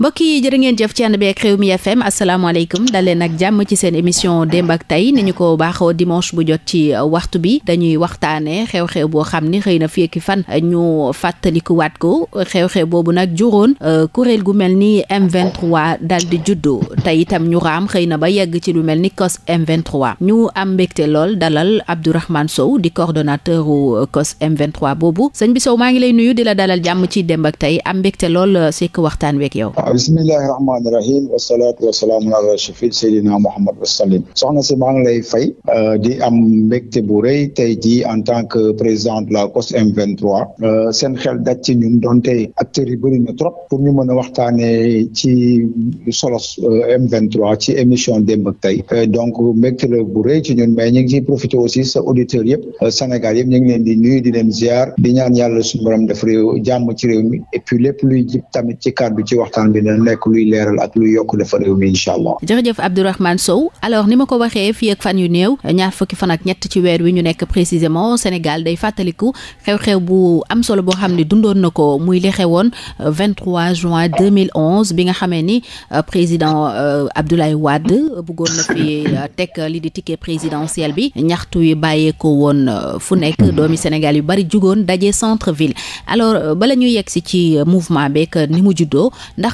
mbokk yi jërë ngeen jëf ci ànd bi ak Rewmi FM asalaamaaleykum daleen ak jàmm ci seen émission démb ak tey ni ñu ko baaxoo dimanche bu jot ci uh, waxtu bi dañuy waxtaanee xew-xew boo xam ni xëy na fii ak fan uh, ñu fàttalikuwaat ko xew boobu nag juróon uh, kuréel gu mel ni M23 dal di juddu tey itam ñu raam xëy na ba yegg ci lu mel ni COS M23 ñu am mbégte lool dalal Abdourahmane Sow di coordonnateur u COS m boobu sëñ bi Sow maa ngi lay nuyu di la dalal jàmm ci démb ak tey am mbégte lool sekk waxtaan week yow. bisimillahi rahmaani rahim wasalaatu wasalaamu ala shafil seydina mouhamad wasalim soxna si maa ngi lay fay euh, di am mbégte bu rëy tey jii en tant que président de la COS M23 euh, seen xel daj ci ñun donte acteurs yi bëri na trop pour ñu mën a waxtaanee ci solos euh, M23 ci émission démb tey donc mbégte la bu rëy ci ñun mais ñu ngi ciy profité aussi sa auditeurs yëpp Sénégal yëpp ñu ngi leen di nuyu di leen ziar di ñaan yàlla suñu borom def ri jàmm ci réew mi et puis lépp luy jib tamit ci kàddu ci waxtaan bi dina nekk luy leeral ak luy yokk dafa réew mi incha allah. jërëjëf Abdourahmane Sow alors ni ma ko waxee fii fan yu néew ñaar fukki fan ak ñett ci weer wi ñu nekk précisément Sénégal day fàttaliku xew-xew bu am solo boo xam ne dundoon na ko muy li xewoon 23 euh, juin 2011 bi nga xamee ni euh, président euh, Abdoulaye Wade bëggoon na fi teg li di ticket présidentiel bi ñaxtu yi bàyyeekoo woon fu nekk doomi Sénégal yu bari jugoon daje centre ville alors bala ñu yegg si ci mouvement beeg ni mu juddoo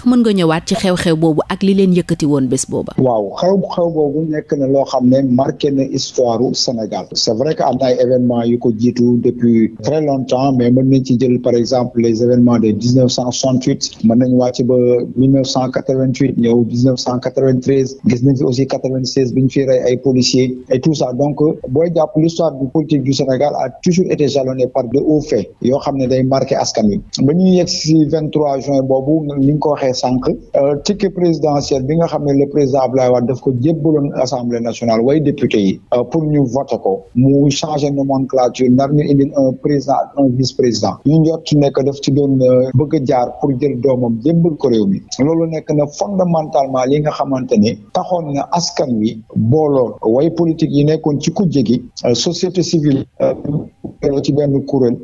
ndax mën nga ñëwaat ci xew-xew boobu ak li leen yëkkati woon bés booba. waaw xew-xew boobu nekk na loo xam ne marqué na histoire Sénégal c'est vrai que am na ay événements yu ko jiitu depuis très longtemps mais mën nañ ci jël par exemple les événements de dix neuf cent soixante huit mën nañu wàcc ba mille neuf cent quatre vingt huit ñëw dix neuf ñu fi rey ay policiers et tout ça donc booy jàpp l'histoire du politique du Sénégal a toujours été jalonnée par de hauts faits yoo xam ne day marqué askan wi ba ñuy yegg juin boobu ni nga ko waxee sànq euh, ticket présidentiel bi nga xam ne le président Abdoulaye Wade daf ko jébbaloon assemblée nationale way député yi euh, pour ñu voté ko mu changé nomenclature nar ñu indil un président ak un vice président ñu njort nekk def ci doon euh, bëgg a jaar pour jël doomam jébbal ko réew mi loolu nekk na fondamentalement li nga xamante ne taxoon na askan wi booloo way politique yi nekkoon ci kujje gi société civile ci benn kuréel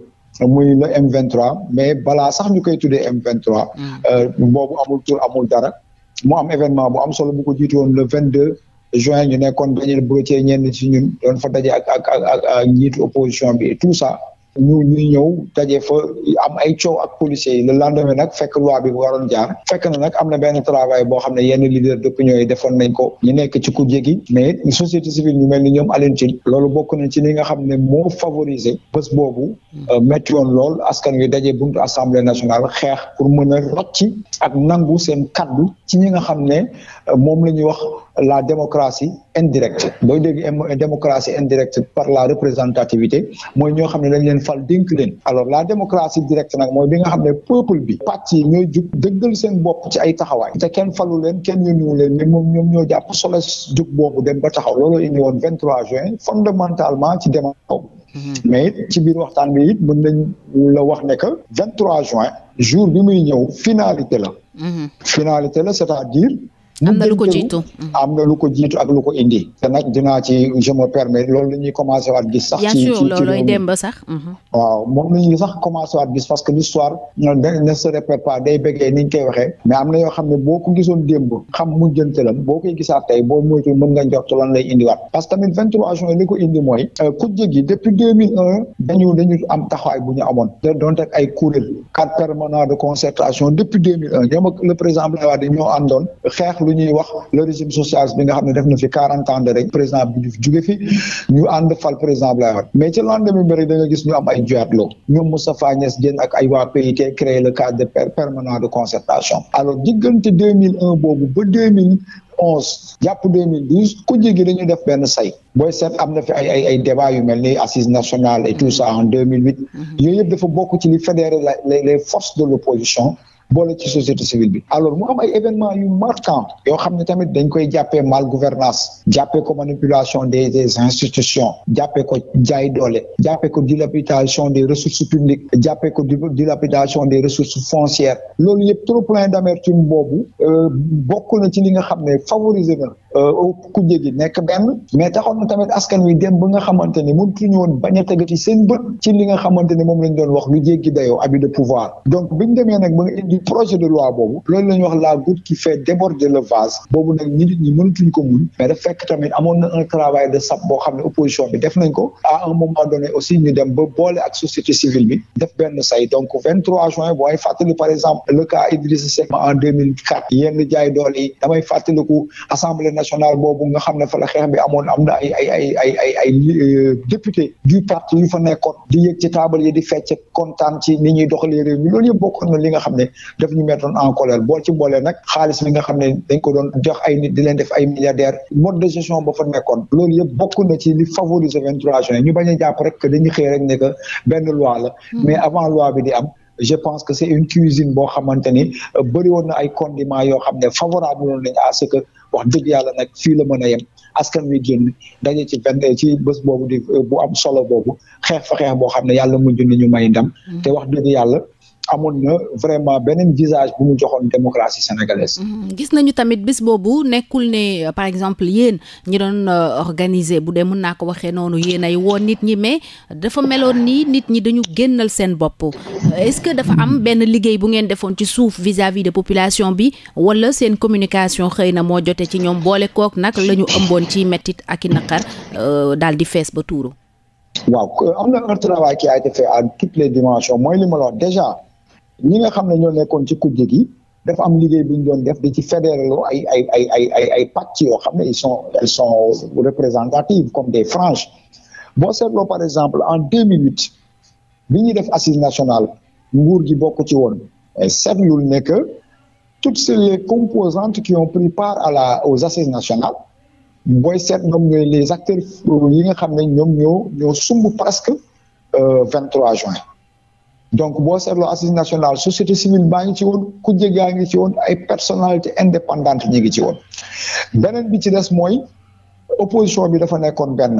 muy le M23 mais balaa sax ñu koy tuddee M23. Mm. Euh, boobu amul tur amul dara. mu am événement bu am solo bu ko jiitu woon le deux juin ñu nekkoon dañu bëgg cee ñenn ci ñun doon fa daje ak ak ak opposition bi et tout ça. ñu ñuy ñëw daje fo am ay coow ak policiers yi le lendemain nag fekk loi bi waroon jaar fekk na nag am na benn travail boo xam ne yenn leader d'opinion yi defoon nañ ko ñu nekk ci ku jégi mais société civile ñu mel ni ñoom Alioune Tine loolu bokk nañ ci li nga xam ne moo favoriser bés boobu métti hmm. euh, woon lool askan wi daje buntu assemblée nationale xeex pour mën a rocci ak nangu seen kaddu ci ñi nga xam ne euh, moom la ñuy wax la démocratie indirecte booy dégg démocratie indirecte par la représentativité mooy ñoo xam ne dañ leen fal dénk leen alors la démocratie directe nag mooy bi nga xam ne peuple bi pàcc yi ñooy jug dëggal seen bopp ci ay taxawaay te kenn falu leen kenn yónniwu leen mais moom ñoom ñoo jàpp solo jug boobu dem ba taxaw loolu indi woon 23 juin fondamentalement ci démocratie mhm. mais ci biir waxtaan bi it mën nañ la wax ne que trois juin jour bi muy ñëw finalité la mhm. finalité la cest Mm. am na lu ko jiitu am na ak lu ko indi. dana dinaa ci je me permets loolu la ñuy commencé waat gis. sax ci ci bien sûr loolooy sax. Mm-hmm. waaw moom la sax commencé waat gis parce que l'histoire ne se répète pas day bëggee ni ñu koy mais am na yoo xam ne boo ko gisoon démb xam mujjantalam boo koy gisaat tey boo moytuwul mën nga njort lan indiwaat. parce que tamit 23 juin li ko indi mooy. Euh, kujje gi depuis 2001 dañu dañu am taxawaay bu ñu amoon. doon teg ay lu ñuy wax le régime socialiste bi nga xam ne def na fi quarante ans de règne président bi Diouf jóge fi ñu ànd fal président Abdoulaye Wade mais ci lendemain bi rek da nga gis ñu am ay juyatloo ñoom Moustapha Niasse Diène ak ay waa PIT créé le cadre de permanent de concertation alors diggante deux mille un boobu ba deux mille dañu def benn say booy seet am na fi ay ay ay mel ni assise nationale et en deux mm-hmm. yëpp dafa bokk ci li fédéré les forces de l'opposition boole ci société civile bi alors ah, moo am ay événements yu marquant yoo xam ne tamit dañ koy jàppee mal gouvernance jàppee ko manipulation des des institutions jàppee ko jaay doole jàppe ko dilapidation des ressources publiques jàppee ko dilapidation des ressources foncières loolu yëpp trop plein d'amertume boobu euh, bokk na ci li nga xam ne favoriser na Euh, kujje gi nekk benn mais taxoon na tamit askan wi dem ba nga xamante ni mëntuñu woon bañ a tegati seen bët ci li nga xamante ni moom lañ doon wax lu jéggi dayoo abus de pouvoir donc biñ demee nga indi projet loolu la ñuy wax la goutte qui fait déborder le vase boobu nag ñi nit ñi ko muñ mais dafa fekk tamit amoon na travail de sap boo xam ne opposition bi def nañ ko à un moment donné aussi ñu dem ba boole ak société civile bi def benn say donc 23 juin booy fàttali par exemple le cas Idrissa Seck nationale boobu nga xam ne fa la xeex bi amoon am na ay euh, député du parti yu fa nekkoon di yëg ci taabal yi di fecc kontaan ci ni ñuy doxalee réew mi loolu yëpp bokkoon na li nga xam ne daf ñu mettoon en colère boo ci boolee nag xaalis bi nga xam ne dañ ko doon jox ay nit di leen def ay milliardaires mode de gestion ba fa nekkoon loolu yëpp bokk na ci li favoriser 23 juin ñu bañ a jàpp rek que dañuy xëy rek ne que benn loi hmm. mais avant loi bi di am je pense que c'est une cuisine boo xamante ni euh, bëri na ay condiment yoo xam ne favorable woon nañ que wax dëgg yàlla nag fii la mën a yem askan wi génn daje ci benn ci bés boobu di euh, bu am solo boobu xeex fa xeex boo xam ne yàlla mujj nañu may ndam mm. te wax dëgg yàlla amoon na vraiment beneen visage bu mu joxoon démocratie sénégalaise. Mhm. gis nañu tamit bés boobu nekkul ne euh, par exemple yéen ñi doon euh, organiser bu dee mën naa ko waxee noonu yéen ay woo nit ñi mais dafa meloon ni nit ñi dañu génnal seen bopp euh, est-ce que dafa am benn liggéey bu ngeen defoon ci suuf vis-à-vis de population bi wala seen communication xëy na moo jote ci ñoom boole kook nag lañu ëmboon ci mettit ak i naqar daal di fees ba tuuru. waaw am na un travail qui a ñi nga xam ne ñoo nekkoon ci kujje gi dafa am liggéey bu ñu doon def di ci fédéréloo ay ay ay ay ay ay pàcc yoo xam ne ils sont elles sont représentatives comme des franges boo seetloo par exemple en 2008 bi ñuy def assise nationale nguur gi bokk ci woon seetlul ne que toutes les composantes qui ont pris part à la aux assises nationales booy set ñoom ñooy les acteurs euh, yi nga xam ne ñoom ñoo ñoo sumb presque euh, vingt trois juin donc boo seetloo assise national société civile baa ngi ci woon kujje gaa ngi ci woon ay personnalité indépendante ñi ngi ci woon beneen bi ci des mooy opposition bi dafa nekkoon benn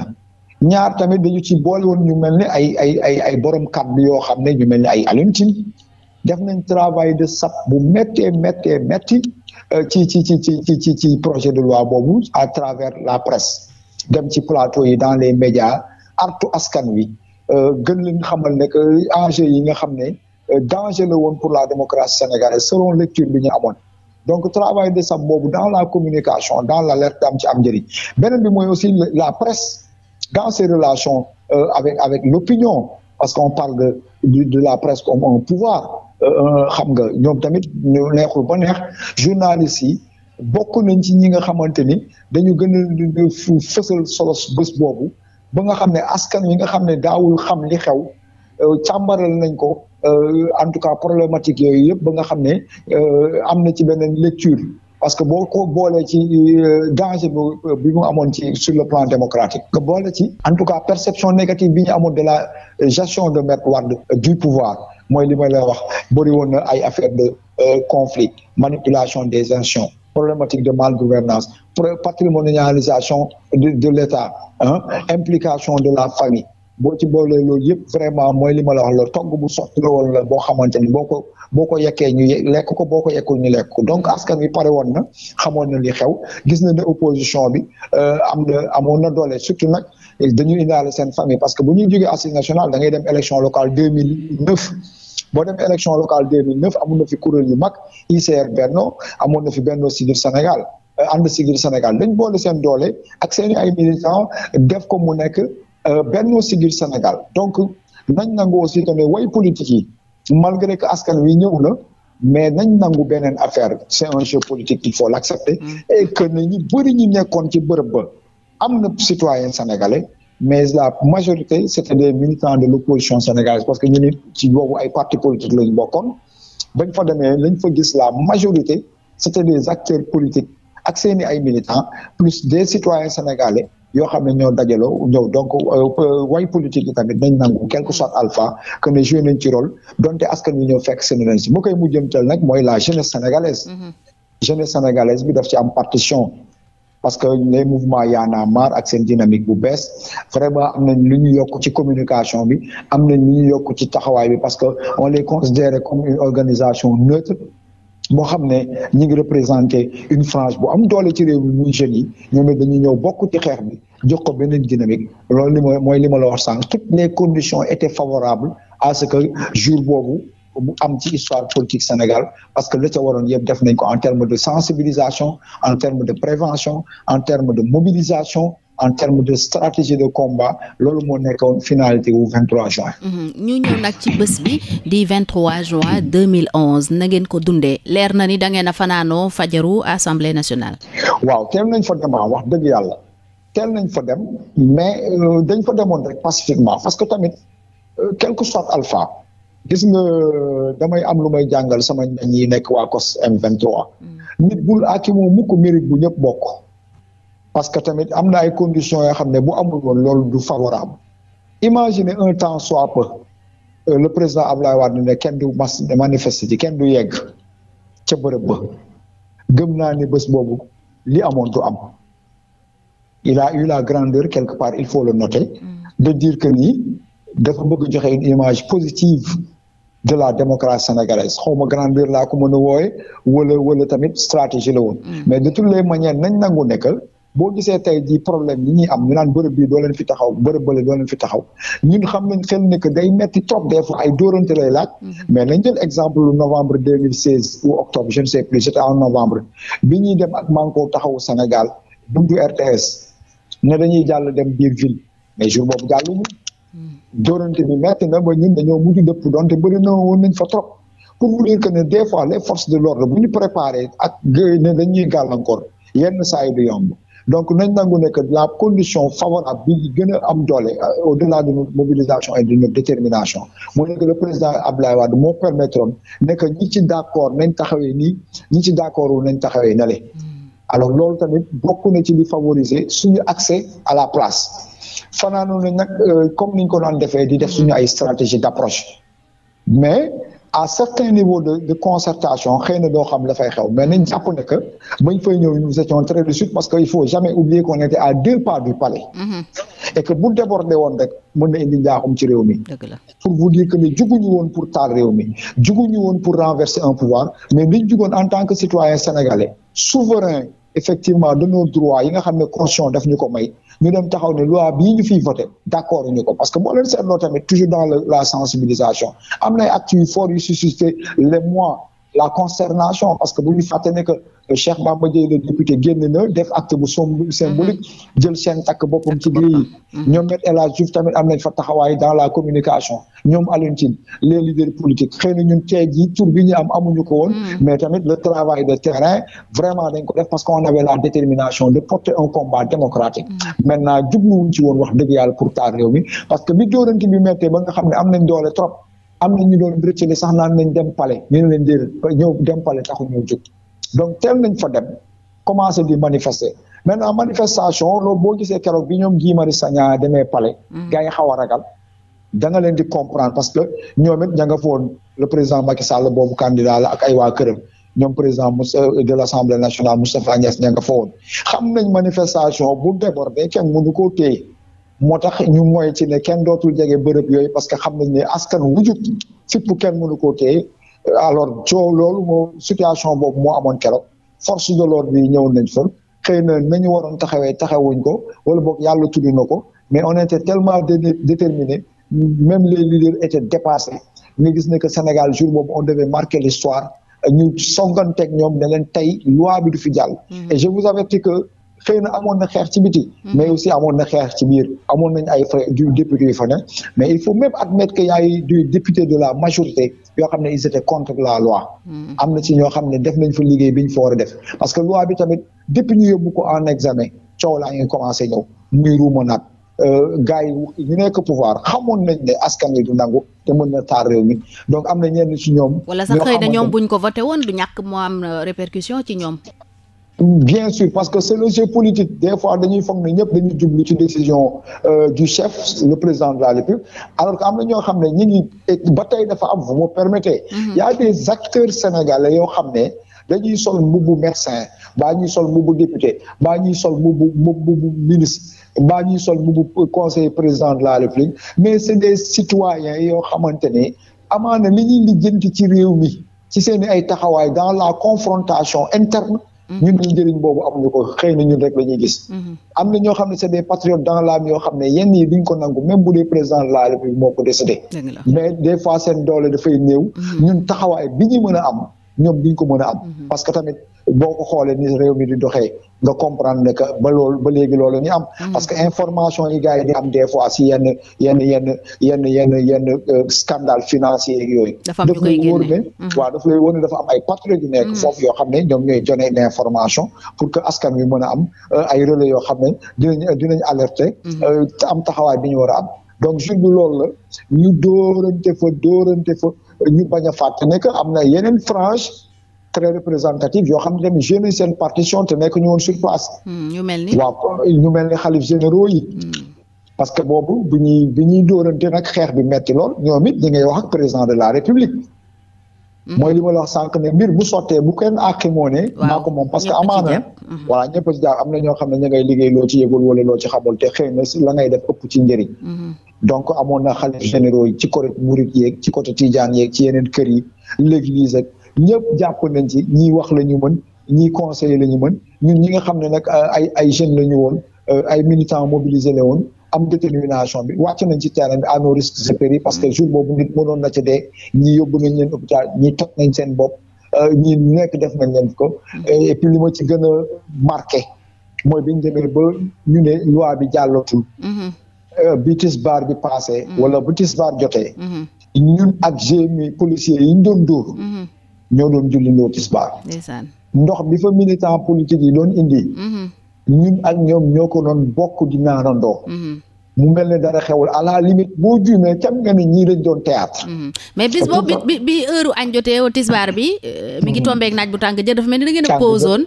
ñaar tamit dañu ci boole woon ñu mel ni ay ay ay ay borom kàddu yoo xam ne ñu mel ni ay Alioune Tine def nañ travail de sap bu méttee méttee métti euh, ci ci ci ci ci ci projet de loi boobu à travers la presse dem ci plateau yi dans les médias artu askan wi Euh, gën leen xamal ne que enjeu yi nga xam ne euh, danger la woon pour la démocratie sénégalaise selon lecture bi ñu amoon donc travail de sam boobu dans la communication dans l'alerte am ci am njëriñ beneen bi mooy aussi la presse dans ses relations euh, avec avec l'opinion parce qu'on parle de de la presse comme un pouvoir xam nga ñoom tamit ñu neexul ba neex journalistes yi bokk nañ ci ñi nga xamante ni dañu gën a fësal solos bés boobu ba nga xam ne askan wi nga xam ne daawul xam li xew euh, càmbaral nañ ko euh, en tout cas problématique yooyu yëpp ba nga xam ne euh, am na ci beneen lecture parce que boo ko boolee ci danger bi mu amoon ci sur le plan démocratique nga boole ci en tout cas perception négative bi ñu amoon de la gestion de Maître Wade du pouvoir mooy li ma lay wax bëri woon na ay affaire de conflit manipulation des institutions problématique de malgouvernance patrimonialisation de de l'État implication de la famille boo ci boolee loolu yëpp vraiment mooy li ma la wax la togg bu sotti la woon la boo xamante ni boo ko boo ko yekkee ñu lekk ko boo ko yekkul ñu lekk ko donc askan wi pare woon na xamoon na li xew gis na ne opposition bi euh, am na amoon na doole surtout nag dañu indaale seen famille parce que bu ñuy jógee assise nationale da ngay dem élection locale 2009 boo demee élection locale 2009 amoon na fi kuréel yu mag ICR Benno amoon na fi Benno Siggil Sénégal euh, ànd Siggil Sénégal dañ boole seen doole ak seen ay militants def ko mu nekk euh, Benno Siggil Sénégal donc nañ nangu aussi que ne way politique yi malgré que askan wi ñëw na mais nañ nangu beneen affaire c'est un jeu politique il faut l'accepter mm. et que ne ñu bëri ñu nekkoon ci bërëb ba am na citoyen sénégalais mais la majorité c'était des militants de l'opposition sénégalaise parce que ci boobu ay parti politique lañu bokkoon bañ fa demee lañ fa gis la majorité c'était des acteurs politiques ak seeni ay militants plus des citoyens sénégalais yoo xam ne ñoo dajaloo ñëw donc euh, way politique yi tamit nañ nangu quelque soit alpha que ne joué nañ ci rôle donte askan wi ñëw fekk seen ren si bu koy mujjëmtal nag mooy la jeunesse sénégalaise mm-hmm. jeunesse sénégalaise bi def ci am partition parce que les mouvements Y'en a marre ak seen dynamique bu bees vraiment am nañ lu ñu yokk ci communication bi am nañ ñu ñu yokk ci taxawaay bi parce que on les considère comme une organisation neutre boo xam ne ñi ngi représenté une frange bu am doole ci réew mi muy jeunes yi ñoom it dañuy ñëw bokk ci xeex bi jox ko beneen dynamique loolu li ma mooy li ma la wax sànq toutes les conditions étaient favorables à ce que jour boobu bu am ci histoire politique Sénégal parce que la ca waroon yëpp def nañ ko en terme de sensibilisation en terme de prévention en terme de mobilisation en terme de stratégie de combat loolu moo nekk finalité wu 23 juin. Mhm. ñu ñëw nag ci bés bi di 23 juin 2011 na ngeen ko dundee leer na ni da ngeen a fanaanoo fajaru assemblée nationale. waaw teel nañ fa dem ah, wax dëgg yàlla teel nañ fa dem mais euh, dañ fa demoon rek pacifiquement parce que tamit euh, quel que soit gis nga damay am lu may jàngal sama ñañ nekk waa COS M23 mm. nit bul akimoo mukk mérite bu ñëpp bokk parce que tamit am na ay conditions yoo xam ne bu amul woon lool du favorable imaginez un temps soit peu euh, le président Abdoulaye Wade ne kenn du mas manifester ci kenn du yegg ca bërëb gëm naa ni bés boobu li amoon du am il a la grandeur quelque part il faut le noter mm. de dire que nii dafa bëgg joxe une image positive de la démocratie sénégalaise xaw ma grandeur laa ko mën a wooye wala wala tamit stratégie la woon mm. mais de toutes les manières nañ nangu nekkal boo gisee tey jii problème yi am ñu naan bërëb bii doo leen fi taxaw bërëb bële doo leen fi taxaw ñun xam nañ xel ne day metti trop des fois ay dóorante lay laaj mm-hmm. mais nañ jël exemple novembre ou octobre je ne sais plus novembre bi ñuy dem ak Manko taxawu Sénégal buntu RTS ne dañuy jàll dem biir ville mais jour boobu jàlluñu doorante bi metti na ba ñun dañoo mujj dëpp donte bëri na woon nañ fa trop pour vous dire que ne des fois les forces de l'ordre bu ñu préparé ak ne dañuy gàllankoor yenn saa yi du yomb donc nañ nangu nekk la condition favorable bi gën a am doole euh, au delà de notre mobilisation et de notre détermination mu ne que le président Abdoulaye Wade moo permettroon ne que ñi ci d' accord nañ taxawee nii ñi ci d' accord nañ taxawee nale hmm. alors loolu tamit bokk na ci li favoriser suñu accès à la place fanaanoo nañ nag euh, comme niñ ko daan defee di def suñu ay stratégie d'approche mais à certains niveaux de de concertation xëy na doo xam dafay xew mais nañ jàpp ne que bañ fay ñëw nous étions très lucide parce que il faut jamais oublier qu'on était à deux pas du palais mm-hmm. et que bu débordé woon rek mën na indi njaaxum ci réew mi pour vous dire que ne juguñu woon pour taal réew mi juguñu woon pour renverser un pouvoir mais niñ jugoon en tant que citoyen sénégalais souverain effectivement de nos yi nga xam ne constitution daf ñu ko may ñu dem taxaw ne loi bii ñu fiy voté d' accord ko parce que boo leen seetloo tamit toujours dans la sensibilisation am nay actes yu fort yu suscité les mois la consternation parce que bu ñu fàtte ne que euh, Cheikh Bamba Dièye député génn def acte bu symbolique mm-hmm. jël seen takk boppam ci biir yi mm-hmm. ñoom met El Hadj Diouf tamit am nañ fa taxawaay dans la communication ñoom Alioune Tine les leaders politiques xëy na ñun tey jii ñu am amuñu ko woon mm-hmm. mais tamit le travail de terrain vraiment dañ ko def parce qu'on avait la détermination de porter un combat démocratique maintenant jubluwuñ ci woon wax dëgg yàlla pour taar réew ba nga xam ne am nañ doole trop am na ñu doon rëccale sax naan nañ dem palais ñu ne leen déedéet ñëw dem palais taxu ñoo jóg donc teel nañ fa dem commencé di manifester maintenant manifestation loolu boo gisee keroog bi ñoom Guy Marius Sagna demee palais mm-hmm. gars yi xaw a ragal da nga leen di comprendre parce que ñoom it ña nga foon le président Macky Sall boobu candidat la ak ay waa këram ñoom président euh, de l'Assemblée nationale Moustapha Niass ña nga fa xam nañ manifestation bu débordé kenn mënu koo moo tax ñu mooy ci ne kenn dootul jege bërëb yooyu parce que xam nañ ne askan wujub fippu kenn mënu koo téye alors coow loolu moo situation boobu moo amoon keroog force de l'ordre bi ñëw nañ fa xëy na nañu waroon taxawee wuñ ko wala boog yàlla tudd na ko mais on était tellement déterminés même les leaders étaient dépassés nga gis ne que Sénégal jour boobu on devait marquer l'histoire ñu songanteeg ñoom ne leen tey loi bi du fi jàll mm-hmm. je vous avertis que xëy na amoon na xeex ci biti hmm. mais aussi amoon na xeex ci biir amoon nañ ay fa du député yu fa mais il faut même admettre que y a eu de la majorité yoo xam ne ils étaient contre la loi hmm. am ñoo xam ne def nañ fa liggéey bi ñu fa war a parce que loi bi tamit depuis ñu yóbbu ko en examen coow laa ngi commencé ñëw euh, ñu nekk pouvoir xamoon nañ ne askan wi du nangu te na taar réew mi na ñenn ci ñoom wala sax xëy na ñoom buñ ko voté woon du ñàkk moo euh, répercussion ci ñoom bien sûr parce que c'est le jeu politique des fois dañuy foog ne ñëpp dañuy jublu ci décision euh, du chef le président de la République alors que am na ñoo xam ne ñu ngi ba tey dafa am vous me permettez mhm. y a des acteurs sénégalais yoo xam ne dañuy sol mbubbu médecin baa ñuy sol mbubbu député baa ñuy sol mbubbu mbubbu ministre baa ñuy sol mbubbu conseiller président de la République mais c'est des citoyens yoo xamante ne amaana li ñuy lijjanti ci réew mi ci seen ay taxawaay dans la confrontation interne ñun ñu njëriñ boobu amuñu ko xëy na ñun rek la gis. Mhm. am na ñoo xam ne c'est des patriotes dans l'âme xam ne yenn yi duñ ko nangu même bu dee président de la république moo ko décidé. mais des fois seen doole dafay néew. Mhm. ñun taxawaay bi ñu mën a am. ñoom duñ ko mën am. Mhm. parce que tamit boo ko xoolee ni réew mi di doxee nga comprendre ne que ba loolu ba léegi loolu ñu am. Mhm. parce que information yi gars yi di am des fois si yenn yenn yenn yenn yenn yenn euh, scandale financier yooyu. dafa am ñu koy génne daf mhm. ne. waaw daf lay wóor ne dafa am ay patriotes yu nekk foofu yoo xam ne ñoom ñooy jonee l'information pour que askan wi mën a am euh, ay relais yoo xam ne dinañ dinañ alerter. Euh, am taxawaay bi ñu war a am donc jour bi loolu la ñu dóorante fa dóorante fa. ñu bañ a fàtte ne que am na yeneen frange très représentative yoo xam ne tamit génne seen partition te nekk ñu woon sur place. Hmm, ñu mel ni waaw ñu xalif généraux yi. Hmm. parce que boobu bi ñuy bi ñuy dóorante nag xeex bi metti lool ñoom it ñi ngay wax ak président de la république. Hmm. mooy li ma la wax sànq ne mbir bu sotee bu kenn a moo ne. maa ko moom parce que amaana. voilà ñëpp a ci jaar am na ñoo xam ne ña ngay liggéey loo ci yëgul wala loo ci xamul te xëy na si la ngay def ëpp ci njëriñ. donc amoon na xalif généro yi ci côté murit yeeg ci côté tijaan yeeg ci yeneen kër yi l'église ak ñëpp jàpp nañ ci ñii wax la ñu mën ñii conseiller la ñu mën ñun ñi nga xam ne nag euh, ay ay jeunes la ñu woon euh, ay militants mobilisés la woon am détermination bi wàcc nañ ci terrain bi à nos risques parce que jour boobu nit mënoon na ci dee ñii yóbbu nañ leen hôpital ñi toj nañ seen bopp euh, ñii nekk def nañ leen ko et puis li ci gën a marqué mooy biñ demee ba ñu ne loi bi jàllatul mm-hmm. Euh, bi tisbaar bi passé mm-hmm. wala bu tisbaar jotee mm-hmm. ñun ak GMI policier yi ñu doon dóor mm-hmm. ñoo doon jullindoo tisbaar ndox bi fa militant politique yi doon indi ñun ak ñoom ñoo ko doon bokk di naanandoo mu mel ne dara xew à la limite boo juumee cam nga ne ñii dañ doon théâtre mais bis boobu bi bi heure añ jotee tisbaar bi euh, mi tombeek naaj bu tàng jër dafa mel ni da ngeen a pausoon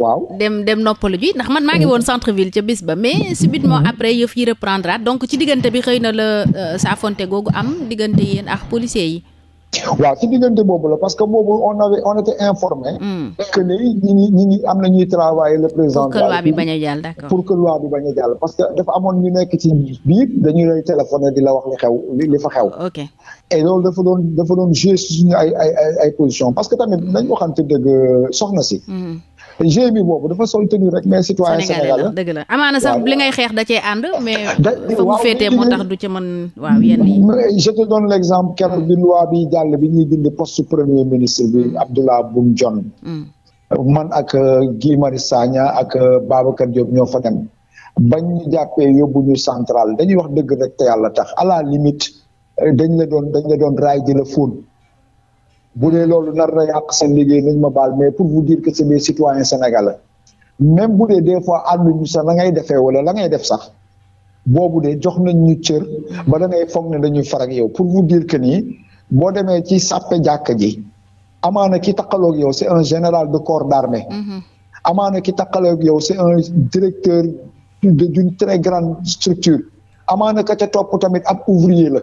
waaw dem dem noppalu ji ndax man maa ngi mm. woon centre ville ca bis ba mais subitement mm. après yëf yi reprendre donc ci diggante bi xëy na la euh, saafonte googu am diggante yéen ak policiers yi. waaw ci diggante boobu la parce que boobu on avait était informé. Mm. que ne am na ñuy travailler le président. pour que bi bañ a jàll d'accord pour que loi bi bañ a jàll parce que dafa amoon ñu nekk ci biir dañu lay di la wax li xew li fa xew. ok et loolu dafa doon dafa doon jouer suñu ay ay ay position parce que tamit nañ si. jeu bi boobu dafa sol tenue rek mais citoyen Sénégal la dëgg la amaana sax li ngay xeex da cee ànd mais ah, fa mu féetee moo tax du ci mën waaw yenn exemple keroog bi loi bi jàll bi ñuy dindi poste premier ministre bi mm. Abdoulaye Boun Dionne mm. man ak euh, Guy Marius ak euh, Babacar Diop ñoo fa dem bañ ñu jàppee yóbbu ñu central dañuy wax dëgg rek te yàlla tax à la limite euh, dañ la doon dañ la doon raay di la fóon bu dee loolu nar na yàq seen liggéey nañ ma baal mais pour vous dire que c'est des citoyens sénégalais même bu dee des fois ànduñu sax la ngay defee wala la ngay def sax boobu de jox nañ ñu cër ba da foog ne dañuy far yow pour vous dire que nii boo demee ci sàppe jàkk ji amaana ki takkaloog yow c'est un général de corps d'armée mm-hmm. amaana ki takkaloog yow c'est un directeur d'une très grande structure amaana ka ca topp tamit ab ouvrier la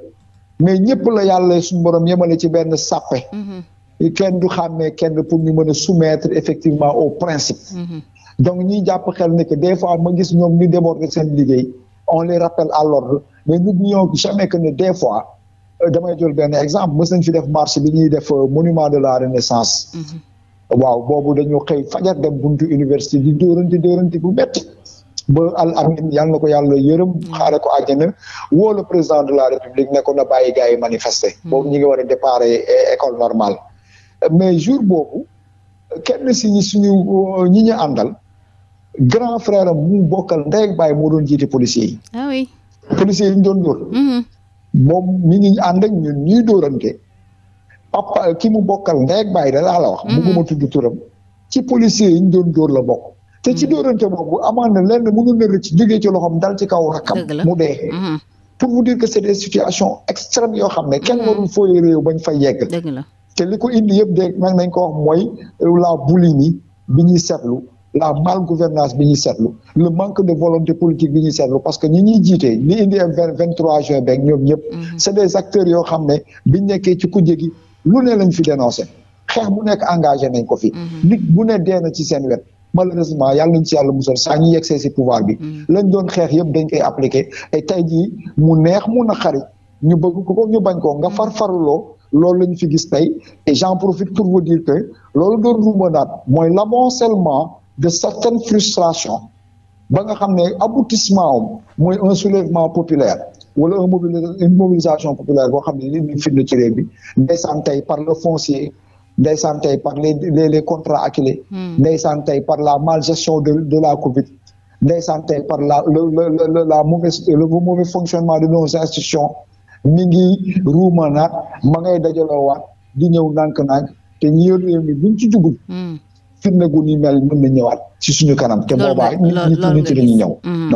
mais ñëpp la yàlla suñu borom yemale ci benn sàppe mhm. kenn du xàmmee kenn pour ñu mën a effectivement au principe mhm. donc ñuy jàpp xel ne que des fois ma gis ñoom ñu déborder seen liggéey on les rappelle à l'ordre mais n'oublions jamais que ne des fois euh, damay jël benn exemple mës nañ fi def marche bi ñuy def euh, monument de la renaissance mhm. waaw boobu dañu xëy fajar dem buntu université di dóorante dóorante bu metti ba al amin yal na ko yàlla yërëm mm. xaare ko àjjana woo président de la république ne ko na bàyyi gars yi manifester mm. boobu ñu ngi war a départ eh, école normale mais jour boobu kenn suñu euh, ñi ñu àndal grand frère mu bokkal ndey ak baay moo doon jiite policiers yi ah oui policiers yi ñu doon dóor mm-hmm. moom mi ngi ànd ak ñun papa ki mu bokkal ndey ak baay da laa wax mm-hmm. bugguma tudd ci policier yi ñu doon dóor la bokk te ci hmm. dóorante boobu amaan na lenn mënul na rëcc jógee ci loxoom dal ci kaw rakkam mu dee hmm. pour vous dire que c'est des situations extrêmes yoo xam ne kenn hmm. warul fooy réew bañ fa yegg te li ko indi yëpp de nag nañ ko wax mooy la boulimie bi ñuy seetlu la mal gouvernance bi ñuy seetlu le manque de volonté politique bi ñuy seetlu parce que ñi ñuy jiitee li indi am vingt trois juin beeg ñoom ñëpp c'est des acteurs yoo xam ne biñ nekkee ci ku gi lu ne lañ fi dénoncé xeex nekk engagé nañ ko fi nit bu ne dee na ci seen wet malheureusement yàlla nañ ci yàlla musal saa ñu yegsee si pouvoir bi mm. lañ doon xeex yëpp dañ koy appliqué et tey jii mu neex mu naqari ñu bëgg ko ñu bañ ko nga far mm. farfaruloo loolu lañu fi gis tey et j'en pour vous dire que loolu doon naat mooy l'amoncellement de certaines frustrations ba nga xam ne aboutissement am mooy un soulèvement populaire wala un mobilisation populaire boo xam ne li ñu firnde ci réew bi ndeysaan tey par le foncier ndeysaan tey par les les les contrats acculés. Hmm. ndeysaan par la malgestion de de la Covid. ndeysaan tey par la le le la mauvaise le mauvais fonctionnement de nos institutions mi ngi ruuma naat ma ngay dajaloo waat di ñëw nànk naaj te ñi yor réew mi buñ firnde gu ni mel mën na ñëwaat ci suñu kanam. te boobaa nit ñi ci dañuy ñëw. Mm.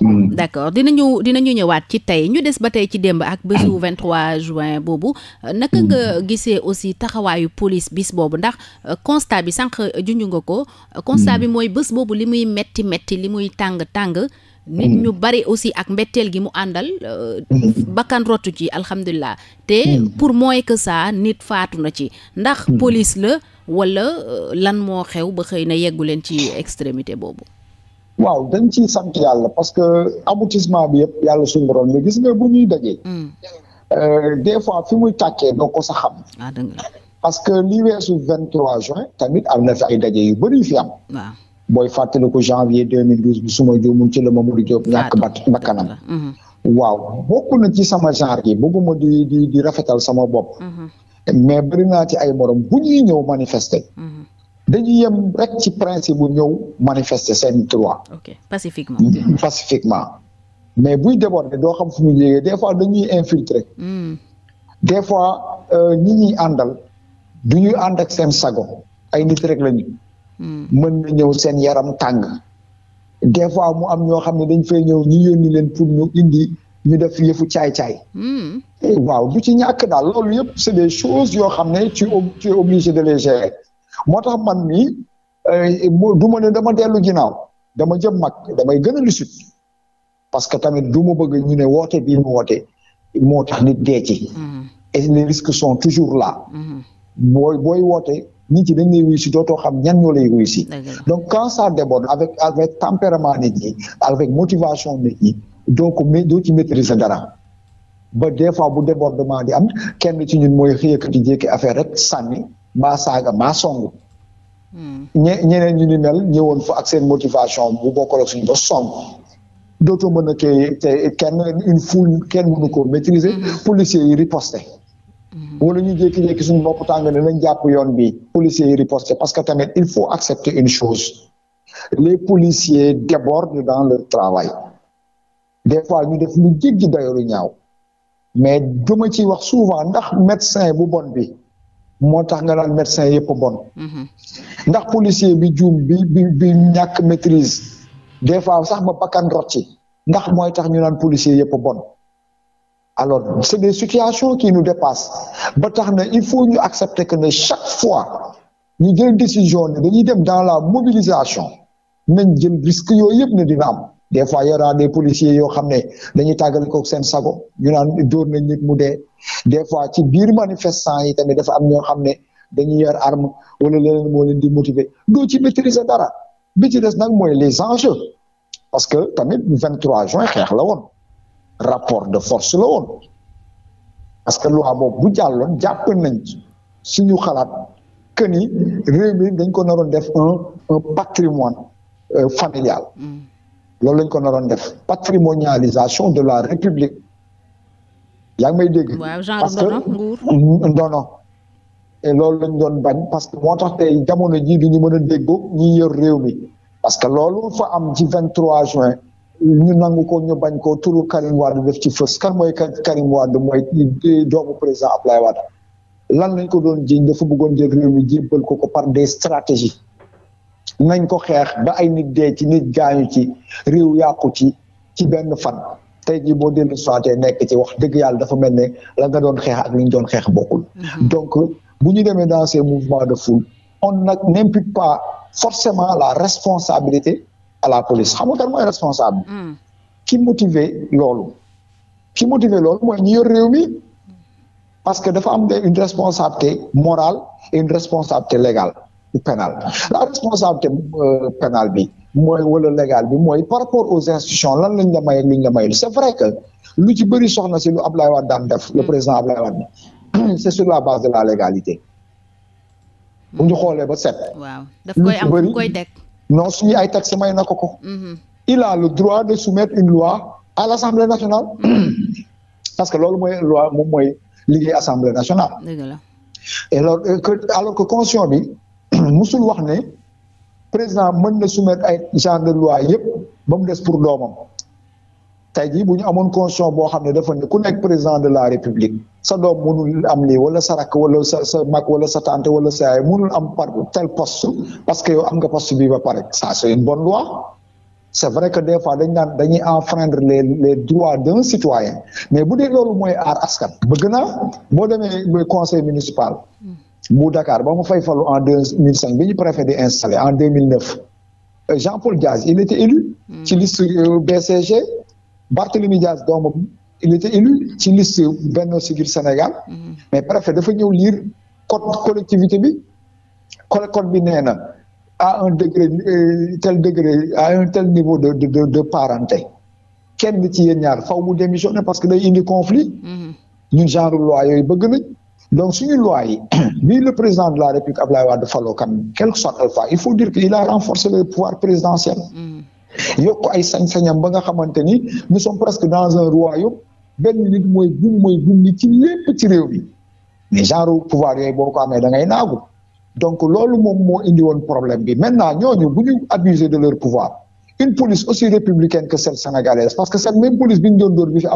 Mm. accord dinañu dinañu ñëwaat ci tey ñu des ba tey ci démb ak bésu 23 mm. juin boobu. naka nga gisee aussi taxawaayu police bis boobu ndax euh, constat bi sànq euh, junj nga ko. constat bi mooy bës boobu li muy metti metti li muy tàng tàng. nit ñu bari aussi ak mbetteel gi mu àndal. Euh, bakkan rotu ci alhamdulilah. te pour mooy que ça nit faatu na ci. ndax police la. wala euh, lan moo xew ba xëy na yeggu leen ci extrémité boobu. waaw dañ ci sant yàlla parce que aboutissement bi yëpp yàlla suñu borom la gis nga bu ñuy dajee. Hmm. Euh, des fois fi muy tàkkee doo ko sa xam. Ah, parce que li weesu vingt trois juin tamit am na fi ay daje yu bëri yu fi am. waaw booy fàttaliku janvier deux mille bi suma juumul ci la Mamadou Diop ñàkk ah, bakkanam hmm. waaw bokk na ci sama genre yi bëgguma di di di rafetal sama bopp. Hmm. mais bari naa ci ay morom bu ñuy ñëw manifester. Mhm. dañuy yem rek ci principe bu ñëw manifester seen droit. ok pacifiquement. Mm-hmm. mais buy déborder doo xam fu mu yéegee des fois dañuy infiltrer. Mm. des fois euh, ñi ñuy àndal du ñuy ànd ak seen sago ay nit rek lañu. Mm. mën na ñëw seen yaram tàng. des fois mu am ñoo xam ne dañ fay ñëw ñu yónni leen pour ñu indi ñu def yëfu caay-caay. Mm. waaw bu ci ñàkk daal loolu yëpp c'est des choses yoo xam ne tu tu obligé de les gérer moo tax man mii euh, du ma ne dama dellu ginnaaw dama jëm mag damay gën a parce que tamit du ma bëgg ñu ne woote bii mu woote moo tax nit dee ci mm-hmm. et les risques son toujours la mm-hmm. booy booy woote nit yi dañ lay wuyu si dootoo xam ñan ñoo lay wuyu si donc quand ça déborde avec avec tempérament nit ñi avec motivation nit ñi doo ci maîtriser dara ba des fois bu débordement di am kenn ci ñun mooy xëyakati jékki affaire rek sànni maa saaga maa songu hmm. ñe ñeneen ñu ni mel ñëwoon fa ak seen motivation bu bokk ak suñu ba song dootoo mën a kay te kenn une foule kenn mënu ko maîtriser hmm. policiers yi riposté hmm. wala ñu jékki-jékki suñu bopp tàng ne nañ jàpp yoon bi policiers yi riposté parce que tamit il faut accepter une chose les policiers débordent dans le travail des fois ñu def lu jéggi dayoo ñaaw mais duma ci wax souvent ndax médecin bu bon bi moo tax nga naan médecin yëpp bon mhm. ndax policier bi juum bi bi bi ñàkk maîtrise des fois sax ma bakkan rot ci ndax mooy tax ñu naan policier yëpp bon alors c'est des situation qui nu dépassent ba tax na il faut ñu accepter que ne chaque fois ñu jël décision ne dañuy dem dans la mobilisation nañ jël risque yooyu yëpp ne dina am des fois y aura des yoo xam ne dañuy tàggal ko seen sago ñu naan dóor nañ nit mu dee des fois ci biir manifestant yi tamit dafa am ñoo xam ne dañuy yor arm wala leneen moo leen di motiver doo ci maîtriser dara bi ci des nag mooy les enjeux parce que tamit 23 juin xeex la woon rapport de force la woon parce que loi boobu bu jàlloon jàpp nañ suñu xalaat que ni réew mi dañ ko naroon def un un patrimoine euh, familial. Mm. loolu lañ ko naroon def patrimonialisation de la république yaa ngi may dégg. parce que ndono et loolu lañ doon bañ parce que moo tax tey jamono ji du ñu mën a déggoo ñi yor réew mi parce que loolu fa am ci 23 juin ñu nangu ko ñu bañ ko turu Karim Wade def ci fës kan mooy Karim Wade mooy doomu président Abdoulaye Wade lan lañ ko doon jiiñ dafa bëggoon jël réew mi jébbal ko ko par des stratégies. nañ ko xeex ba ay nit dee ci nit gaañu ci réew yàqu ci ci benn fan te jii boo dellu soité nekk ci wax dëgg yàlla dafa mel ne la nga doon xeex ak li ñu doon xeex bokkul mm-hmm. donc bu ñu demee dans ces mouvements de foule on n'impute pas forcément la responsabilité à la police xam nga kan mooy responsable mm. ki motiver loolu ki motiver loolu mooy ñi yor réew mi parce que dafa am une responsabilité morale et une responsabilité pénal la responsabilité euh, pénale bi mooy wala légal bi mooy par rapport aux institutions lan lañ la may ak luñ la c'est vrai que lu ci bëri soxna si lu Ablaye Wade daan def le hmm. président Ablaye Wade c'est sur la base de la légalité hmm. bu ñu xoolee ba set. waaw daf koy am lu koy teg non suñu ay texte may na ko ko. Hmm. il a le droit de soumettre une loi à l'Assemblée nationale. parce que loolu mooy loi moom mooy liggéey Assemblée nationale. Euh, alors que constitution bi sul wax ne président mën na soumettre ay genre de loi yépp ba mu des pour doomam tey jii bu ñu amoon constitution boo xam ne dafa nekku ku nekk président de la république sa doom mënul am lii wala sa rakk wala sa sa mag wala sa tante wala sa yaay am par tel post parce que yow am nga poste bi ba pare sa c'est une bonne loi c'est vrai que des fois dañ naan dañuy enfreindre les les droits d'un citoyen mais bu dee loolu mooy aar askan bëgg naa boo demee conseil municipal hmm. bu Dakar ba mu fay falu en deux mille cinq bi ñu préfet di installé en deux mille neuf euh, Jean-Paul Diaz il était élu. Hmm. ci liste euh, BCG. Barthélemy Diaz doomam il était élu ci liste Benno Siggil Sénégal. Hmm. mais préfet dafa ñëw lire code collectivité bi. code bi nee na à un degré euh, tel degré à un tel niveau de de de de parenté. kenn ci yéen ñaar faw mu démissionné parce que day indi conflit. Hmm. ñun genre loi yooyu bëgg nañ. donc suñu loi yi bi le président de la république Abdoulaye Wade faloo quand il faut dire que il a renforcé le pouvoir présidentiel. Mm. yokk ay sañ-sañam ba nga xamante ni nous sommes presque dans un royaume benn nit mooy gum mooy gum ni ci lépp ci réew mi mais genre pouvoir yooyu boo ko amee da ngay naagu donc loolu moom moo indi woon problème bi maintenant ñooñu bu ñu abuser de leur pouvoir une police aussi républicaine que celle sénégalaise parce que cette même police bi ñu doon dóor bi fi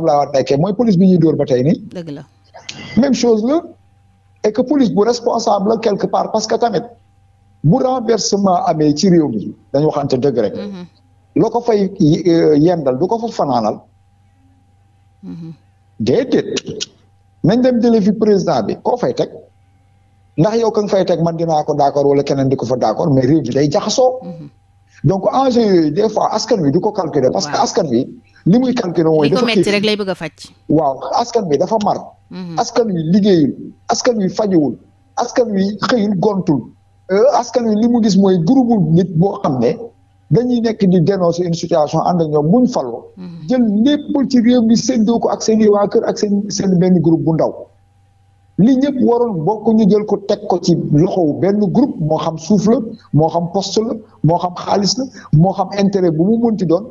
et que police bu responsable la quelque part parce que tamit bu renversement amee ci réew mi dañu waxante dëgg rek. Mm-hmm. fay euh, yendal du ko fa fanaanal. Mm-hmm. déedéet nañ dem jëlee fi président bi koo fay teg ndax yow ka nga fay teg man dinaa ko d'accord wala keneen di ko fa d'accord mais réew day jaxasoo. Mm-hmm. donc enjeu yooyu des fois askan wi du ko calculer. parce que askan wi li muy calculer mooy. dafa kii rek lay bëgg a waaw askan wi dafa mar. Mhm. askan wi liggéeyul askan wi fajiwul askan wi xëyul gontul euh, askan wi li mu gis mooy groupe nit boo xam ne dañuy nekk di dénoncer une situation ànd ak ñoom buñ faloo. Mhm. jël lépp ci réew mi séddoo ko ak seen i waa kër ak seen seen benn groupe bu ndaw. li ñëpp waroon bokk ñu jël ko teg ko ci loxow benn groupe moo xam suuf la moo xam post la moo xam xaalis la moo xam intérêt bu mu munti doon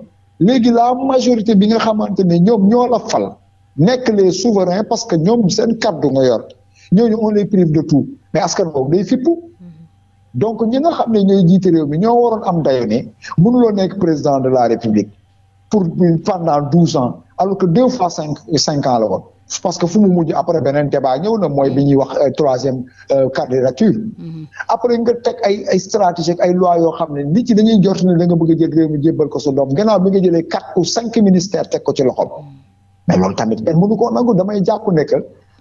léegi la majorité bi nga xamante ne ñoom ñoo la fal nekk les souverains parce que ñoom seen kàddu nga yor ñooñu on les prive de tout mais askan boobu day fippu donc ñi nga xam ne ñooy jiite réew mi ñoo waroon am dayo ne mënuloo nekk président de la république pour pendant douze ans alors que deux fois cinq cinq ans parce que fu mu mujj après beneen débat ñëw na mooy bi ñuy wax euh, troisième euh, candidature mm-hmm. après nga teg ay ay stratégie ay loi yoo xam ne nit ci dañuy jort ne da nga bëgg a jël réew mi jébbal ko sa doom gannaaw bi nga jëlee quatre ou cinq ministères teg ko ci loxoom mm-hmm. mais loolu tamit kenn mënu koo nangu damay jàpp ne que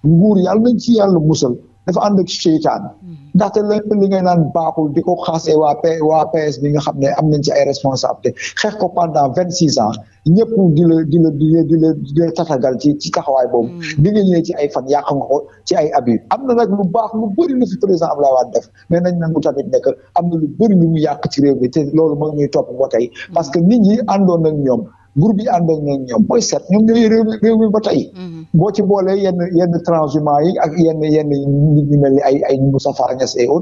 nguur yàlla nañ ci yàlla musal dafa ànd ak seytaane mm-hmm. ndaxte lépp li ngay naan baaxul di ko xaasee waa P waa PS bi nga xam ne am nañ ci ay responsabilité xeex ko pendant vingt six ans ñëpp di la di la di la di la tatagal ci ci taxawaay boobu mm-hmm. bi nga ñëwee ci ay fan yàq nga ko ci ay abus am na nag lu baax lu bëri lu fi président Abdoulaye Wade def mais nañ nangu tamit nekk am na lu bëri lu mu yàq ci réew mi te loolu mooy ñuy topp ba tey mm-hmm. parce que nit ñi àndoon ak ñoom groupe yi ñoom ñoom set ñoom ñooy réew mi réew mi ba tey. Mhm. boo ci boolee yenn yenn transhumants yi ak yenn yenn ñu mel ni ay ay Moussa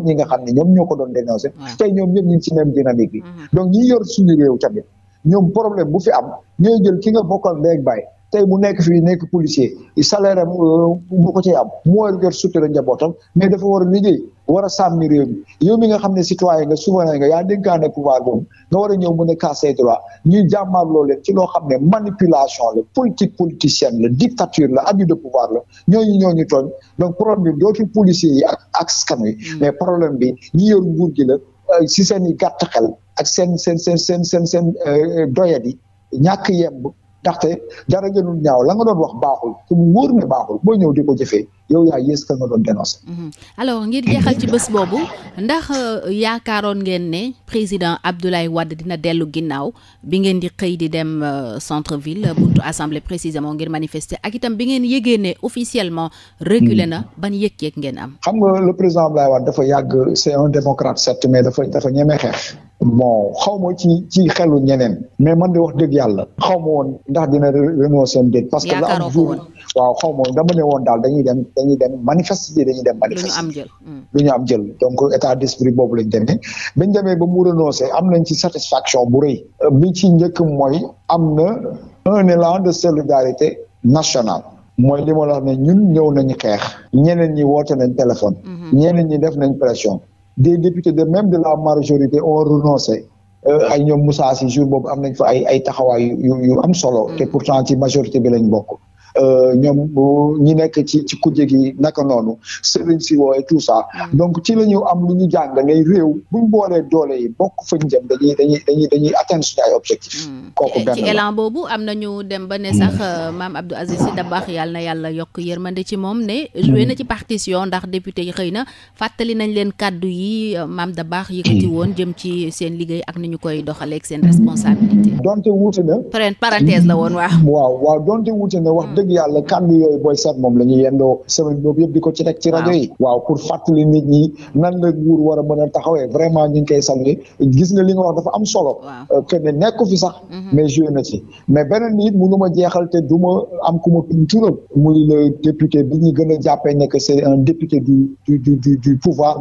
ñi nga xam ne ñoom ñoo ko doon dénoncé. tey ñoom ñëpp ñu ngi ci même dynamique bi. Mhm. donc ñi yor suñu réew ñoom problème bu fi am ñooy jël ki nga bokkal ndey baay tey mu nekk fi nekk policier salaire am euh, bu ko cee am mu war a yor sutura njabootam mais dafa war a liggéey. war a sàmmi réew yow mi nga xam ne citoyen nga souverain nga ya yaa dénkaane pouvoir boobu nga war a ñëw mën a kaas say droit ñuy jàmmaarloo leen ci loo xam ne manipulation la politique politicienne la dictature la abus de pouvoir la ñooñu ñooñu tooñ donc problème bi dootul policier yi ak ak askan wi mm. mais bi ñi yor nguur si euh, seen i gàtt ak seen seen seen seen seen seen euh, doyadi ñàkk yemb ndaxte dara gënul ñaaw la nga doon wax baaxul te mu wóor baaxul boo ñëw di ko jëfee yow yaa yées ka nga doon dénoncé. Mhm. alors ngir jeexal ci bés boobu ndax euh, yaakaaroon ngeen ne président Abdoulaye wadd dina dellu ginnaaw bi ngeen di xëy di dem euh, centre ville buntu assemblée précisément ngir manifester ak itam bi ngeen yëgee ne officiellement reculé na hmm. ban yëg-yëg ngeen am. xam nga le président Abdoulaye Wade dafa yàgg c'est un démocrate certes mais dafa dafa ñeme xeex. bon xaw ma ci ci xelu ñeneen mais man de wax dëgg yàlla xaw ma woon ndax dina renoncer am déet parce que la am jour waaw xaw ma dama woon daal dañuy dem dañuy dem manifester dañuy dem manifester du hmm. ñu am jël donc état d'esprit boobu lañ demee bañ demee ba mu renoncer am nañ ci satisfaction bu rëy euh, bi ci njëkk mooy am na un élan de solidarité nationale mooy li ma la wax ne ñun ñëw nañu xeex ñeneen ñi woote nañ téléphone mm-hmm. ñeneen ñi def nañ pression des députés de même de la majorité ont renoncé euh, ay ñoom Moussa si jour boobu am nañ fa ay ay taxawaay yu yu am solo. Mm. te pour pourtant ci majorité bi lañ bokk. Euh, ñoom ñi nekk ci ci kuje gi naka noonu sëriñ si wooye tout ça mm. donc ci la ñu am lu ñu réew buñ boolee doole bokk fañ jëm dañuy dañuy mm. kooku benn ci boobu am nañu dem ba ne mm. sax euh, maam Abdou Aziz Sy baax yàlla yàlla yokk yërmande ci moom ne joué na ci partition ndax député yi xëy na fàttali nañ leen kàddu yi euh, maam Dabakh yëkkati woon jëm ci seen liggéey ak ni ñu koy doxaleek ak seen responsabilité donte wuute na parenthèse la woon waaw waaw donte wuute na wax dëgg yàlla kàddu yooyu booy seet moom la ñuy yendoo semaine boobu yëpp di ko ci teg ci rajo yi waaw pour fàttali nit ñi nan la nguur war a mën a taxawee vraiment ñu ngi koy sànni gis nga li nga wax dafa am solo euh, que ne nekku fi sax mm-hmm. mais joué na ci mais beneen nit mënu ma jeexal te du ma am ku ma tudd turam muy le député bi ñu gën a jàppee ne que c'est un député du du du du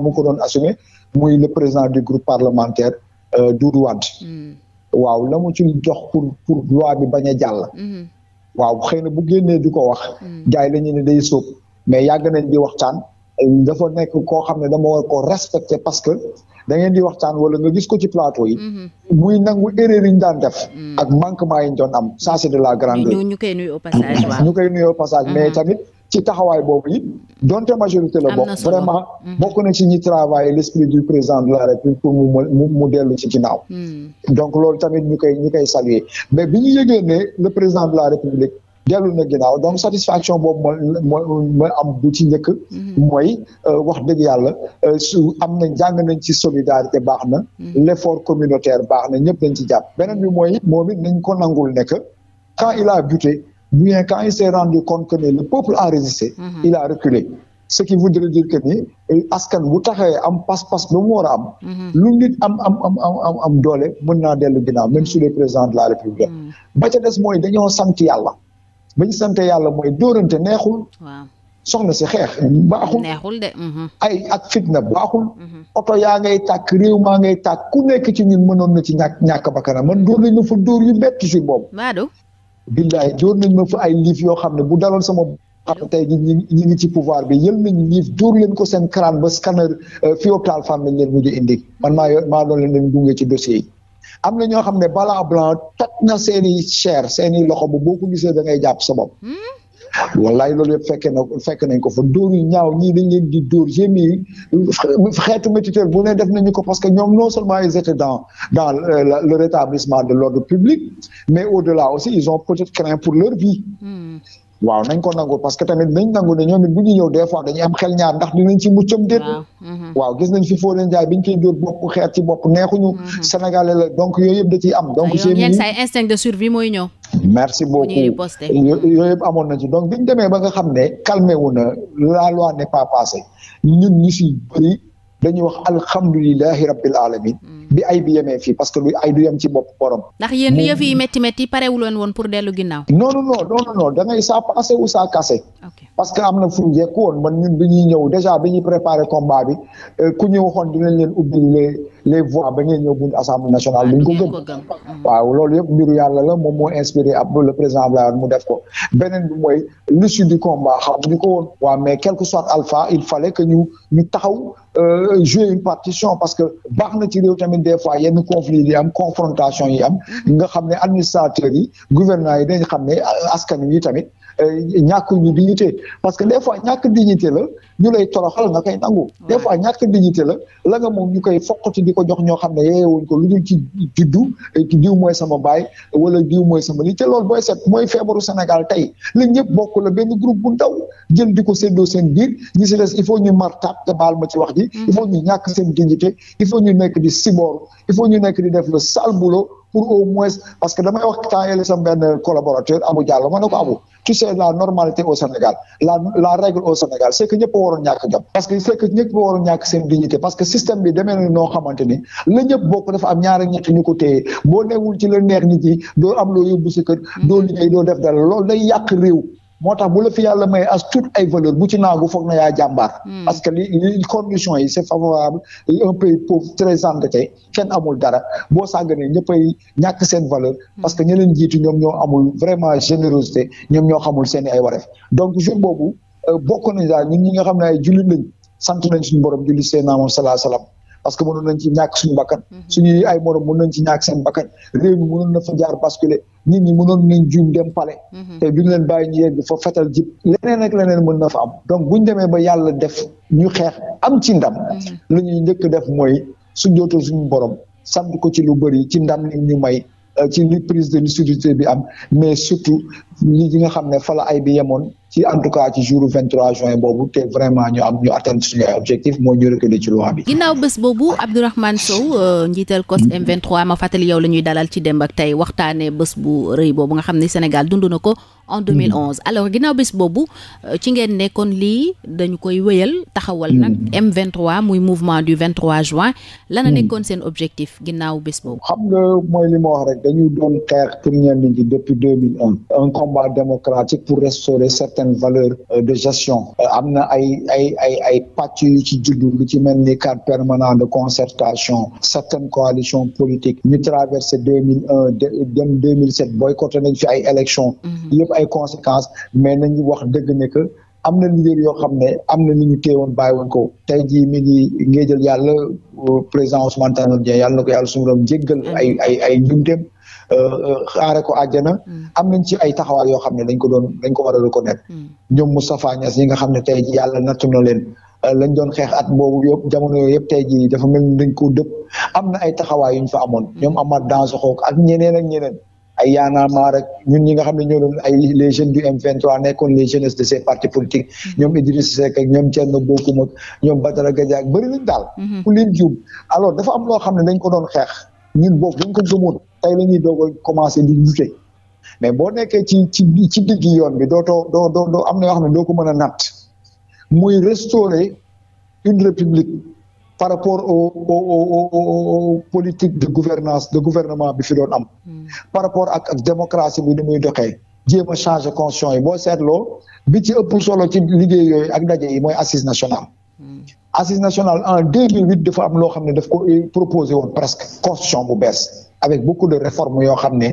mu ko doon assumé muy le président du groupe parlementaire euh, Doudou Wade mm. waaw la mu ci jox pour pour loi bi bañ a jàll mm-hmm. waaw xëy na bu génnee di ko wax hmm. gars yi la ne day sóob mais yàgg nañ di waxtaan dafa nekk koo xam ne dama war ko respecté parce que da ngeen di waxtaan wala nga gis ko ci plateau yi. Hmm. muy nangu erreur yi ñu daan def. Hmm. ak manquement yi ñu doon am ça c'est de la grandeur. ñu koy nuyu passage ñu koy nuyu au passage mais tamit. ci taxawaay boobu it donte majorité la bokk vraiment mm-hmm. bokk na ci ñi travail l'esprit du président de la république pour mu mu mu dellu ci ginnaaw mm. donc loolu tamit ñu koy ñu koy saluer mais bi ñu yëgee ne le président de la république dellu na ginnaaw donc satisfaction boobu mooy mooy am bu ci njëkk mm-hmm. mooy euh, wax dëgg yàlla euh, su am na jàng nañ ci solidarité baax na mm-hmm. l'effort communautaire baax na ñëpp dañ ci jàpp beneen bi mooy moom it nañ ko nangul nekk quand il a buté bien quand il s'est rendu compte que le peuple a résisté. Mm -hmm. il a reculé. ce qui voudrait dire que ni eh, askan bu taxawee am pas-pas ba mu war a am. Mhm. lu nit am am am am am doole mën naa dellu ginnaaw même mhm. sous le président de la république. Mhm. ba ca des mooy dañoo sant yàlla. ba ñu sant yàlla mooy dóorante neexul. waaw soxna si xeex eh, baaxul. ay ak fitna baaxul. oto yaa ngay tàkk réew maa ngay tàkk ku nekk ci ñun mënoon na ci ñàkk ñàkk bakkanam man dóor nañ na fa dóor yu métti si boobu. billaay dóor nañ ma fa ay liif yoo xam ne bu daloon sama xam tey ji ñi ñi ngi ci pouvoir bi yël nañ liif dóor leen ko seen crâne ba scanner euh, fii hôpital fan lañ leen mujj indi man maa yor maa doon leen leen dungee ci dossier yi am na ñoo xam ne balaa blanc toj na seen i chair seen loxo bu boo ko gisee da ngay jàpp sa bopp hmm? wallaay lool yëpp fekkee na fekk nañ ko fa dóor yu ñaaw ñii dañ leen di dóor gémi yi xeetu métiteur bu ne def nañu ko parce que ñoom non seulement ils étaient dans dans le rétablissement de l'ordre public mais au-delà aussi ils ont peut-être pour leur vie hmm. waaw nañ ko nangu parce que tamit nañ nangu ne ñoom it bu ñu ñëw des fois dañuy am xel ñaar ndax dinañ ci muccam déet mhm. waaw gis nañ fi Fodé Ndiaye biñ koy dóor bopp xeer ci bopp neexuñu mhm. sénégalais la donc yooyu yëpp da ciy am donc seen yenn saa instinct de survie mooy ñëw merci beaucoup yooyu amoon na ci donc biñ demee ba nga xam ne kalme wu na la loi ne pas passée ñun ñu si dañuy wax alhamdulilahi rabbil alamin mm. bi ay bi yemee fii parce que lu ay du yem ci bopp borom. ndax yéen li yëf yi métti mm. métti parewuloon woon pour dellu ginnaaw. non non non non non da ngay saa paase ou saa kase. parce que am na fu ñu jekk woon man ñun bi ñuy ñëw déjà bi ñuy préparé combat bi euh, ku ñu waxoon dinañ leen ubbi les les voies ba ngeen ñëw buñ assemblée nationale. duñ ko gëm mm. waaw loolu yëpp mbiru yàlla la moom moo inspiré ab le président Abdoulaye mu def ko beneen bi mooy l'issue du combat xamuñu ko woon. waaw mais quel que soit alpha il fallait que ñ ñu taxaw. Euh, jouer une partition parce que baax na ci réew tamit des fois yenn conflits yi am confrontation yi am mm-hmm. nga xam ne administrateurs yi gouvernants yi dañ xam ne euh, askan wi tamit Euh, ñàkk ñu dignité parce que des fois ñàkk dignité la ñu lay toroxal nga kay nangu des fois ñàkk dignité la la nga moom ñu koy foqati di ko jox ñoo xam ne yeewuñ ko lu dul ci juddu diw mooy sama baay wala diw mooy sama lii te booy set mooy feebaru Sénégal tey li ñëpp bokk la benn groupe bu ndaw jël di ko séddoo seen biir ñi si des il faut ñu mar taat te baal ma ci wax ji mm. il faut ñu ñàkk seen dignité il faut ñu nekk di siboor il faut ñu nekk di def le sale pour au moins parce que damay wax temps yële sama benn collaborateur Abou Diallo ma ne ko Abou tu sais la normalité au Sénégal la la règle au Sénégal c'est que ñëpp waroon ñàkk jom parce que c'est que ñëpp waroon ñàkk seen dignité parce que système bi demee na noo xamante ni la ñëpp bokk dafa am ñaari ñett ñu ko téye boo newul ci la neex nit yi doo am loo yóbbu si kër doo liggéey doo def dara loolu day yàq réew moo tax bu la fi yàlla may as tout ay valeur bu ci naagu foog na yaa jàmbaar. Hmm. parce que li yi c'est favorable un pays pauvre très endetté kenn amul dara boo sàgganee ñëppay ñàkk seen valeur. Hmm. parce que ñi leen jiitu ñoom ñoo amul vraiment générosité ñoom ñoo xamul seen i ay wareef donc jour boobu euh, bokk nañ daal ñun ñi nga xam ne ay jullit lañ sant nañ suñu borom julli seen naamu salaa salaam. parce que mënoon nañ ci ñàkk suñu bakkan. Hmm. suñuy ay morom mënoon nañ ci ñàkk seen nit ñi mënoon nañ juum dem pale mhm. te duñ leen bàyyi ñu yegg fa fetal jib leneen ak leneen mën na fa am donc buñ demee ba yàlla def ñu xeex am ci ndam mhm. lu ñuy njëkk def mooy su jootal suñu borom sant ko ci lu bëri ci ndam li ñu may euh, ci li prise de lucidité bi am mais surtout li nga xam ne fa ay bi yemoon si en tout cas ci jour 23 juin boobu te vraiment ñu am ñu atteindre suñu ay objectif mooy ñu reculer ci loi bi. ginnaaw bés boobu Abdourahmane Sow euh, njiital COS mm-hmm. M23 ma fàttali yow la ñuy dalal ci dem ak tey waxtaanee bés bu rëy boobu nga xam ne Sénégal dund na ko. en 2011 mm. alors ginnaaw bis boobu euh, ci ngeen nekkoon kon lii dañu koy wéyal taxawal mm. nag M23 muy mouvement du 23 juin lana mm. nekkoon seen objectif ginnaaw bis boobu xam nga mooy li ma wax rek dañu doon xeex pour ñenn ñi depuis 2001 un combat démocratique pour restaurer certaines valeurs euh, de gestion euh, am na ay ay ay ay pàcc yu ci juddu lu ci mel ni cadre permanent de concertation certaines coalitions politiques ñu traversé 2001 dem 2007 boycotté nañ fi ay élections mm-hmm. yëpp ay conséquence mais nañu wax dëgg ne que am na leader yoo xam ne am na ni ñu téewoon bàyyi woon ko tey jii mi ngi ngay jël yàlla euh, président Ousmane Tanor Dieng yàlla na ko yàlla suñu doom jéggal ay ay ay njumteem euh, euh, xaare ko àjjana mm. am nañ ci ay taxawaay yoo xam ne dañ ko doon dañ ko war a reconnaître mm. ñoom Moustapha Niass ñi nga xam ne tey jii yàlla nattu na leen lañ doon xeex at boobu yëpp jamono yooyu yëpp tey jii dafa mel ni dañ ko dëpp am na ay taxawaay yu ñu fa amoon mm. ñoom Amath Dansokho ak ñeneen ak ñeneen ay yaanaamaar ak ñun ñi nga xam ne ñoo doon ay les jeunes du M23 nekkoon les jeunesses de ces partis politiques mm-hmm. ñoom Idriss Seck ak ñoom Thierno Bocoum ak ñoom Badara Gadia ak daal mm-hmm. ku leen juum alors dafa am loo xam ne dañ ko doon xeex ñun boobu dañ ko gëmoon tey la ñuy doog a commencé di mais boo nekkee ci ci ci digg yoon bi dootoo doo doo doo am na yoo xam ne doo ko mën a natt muy restaurer une république par rapport au au au au politique de gouvernance de gouvernement bi fi doon am. Hmm. par rapport ak ak démocratie bi ni muy doxee. jéem a constitution yi boo seetloo bi ci ëpp solo ci liggéey yooyu ak daje yi mooy assise nationale. Hmm. assise nationale en 2008 dafa am loo xam ne daf ko eh, proposé woon presque constitution bu bees avec beaucoup de réformes yoo xam ne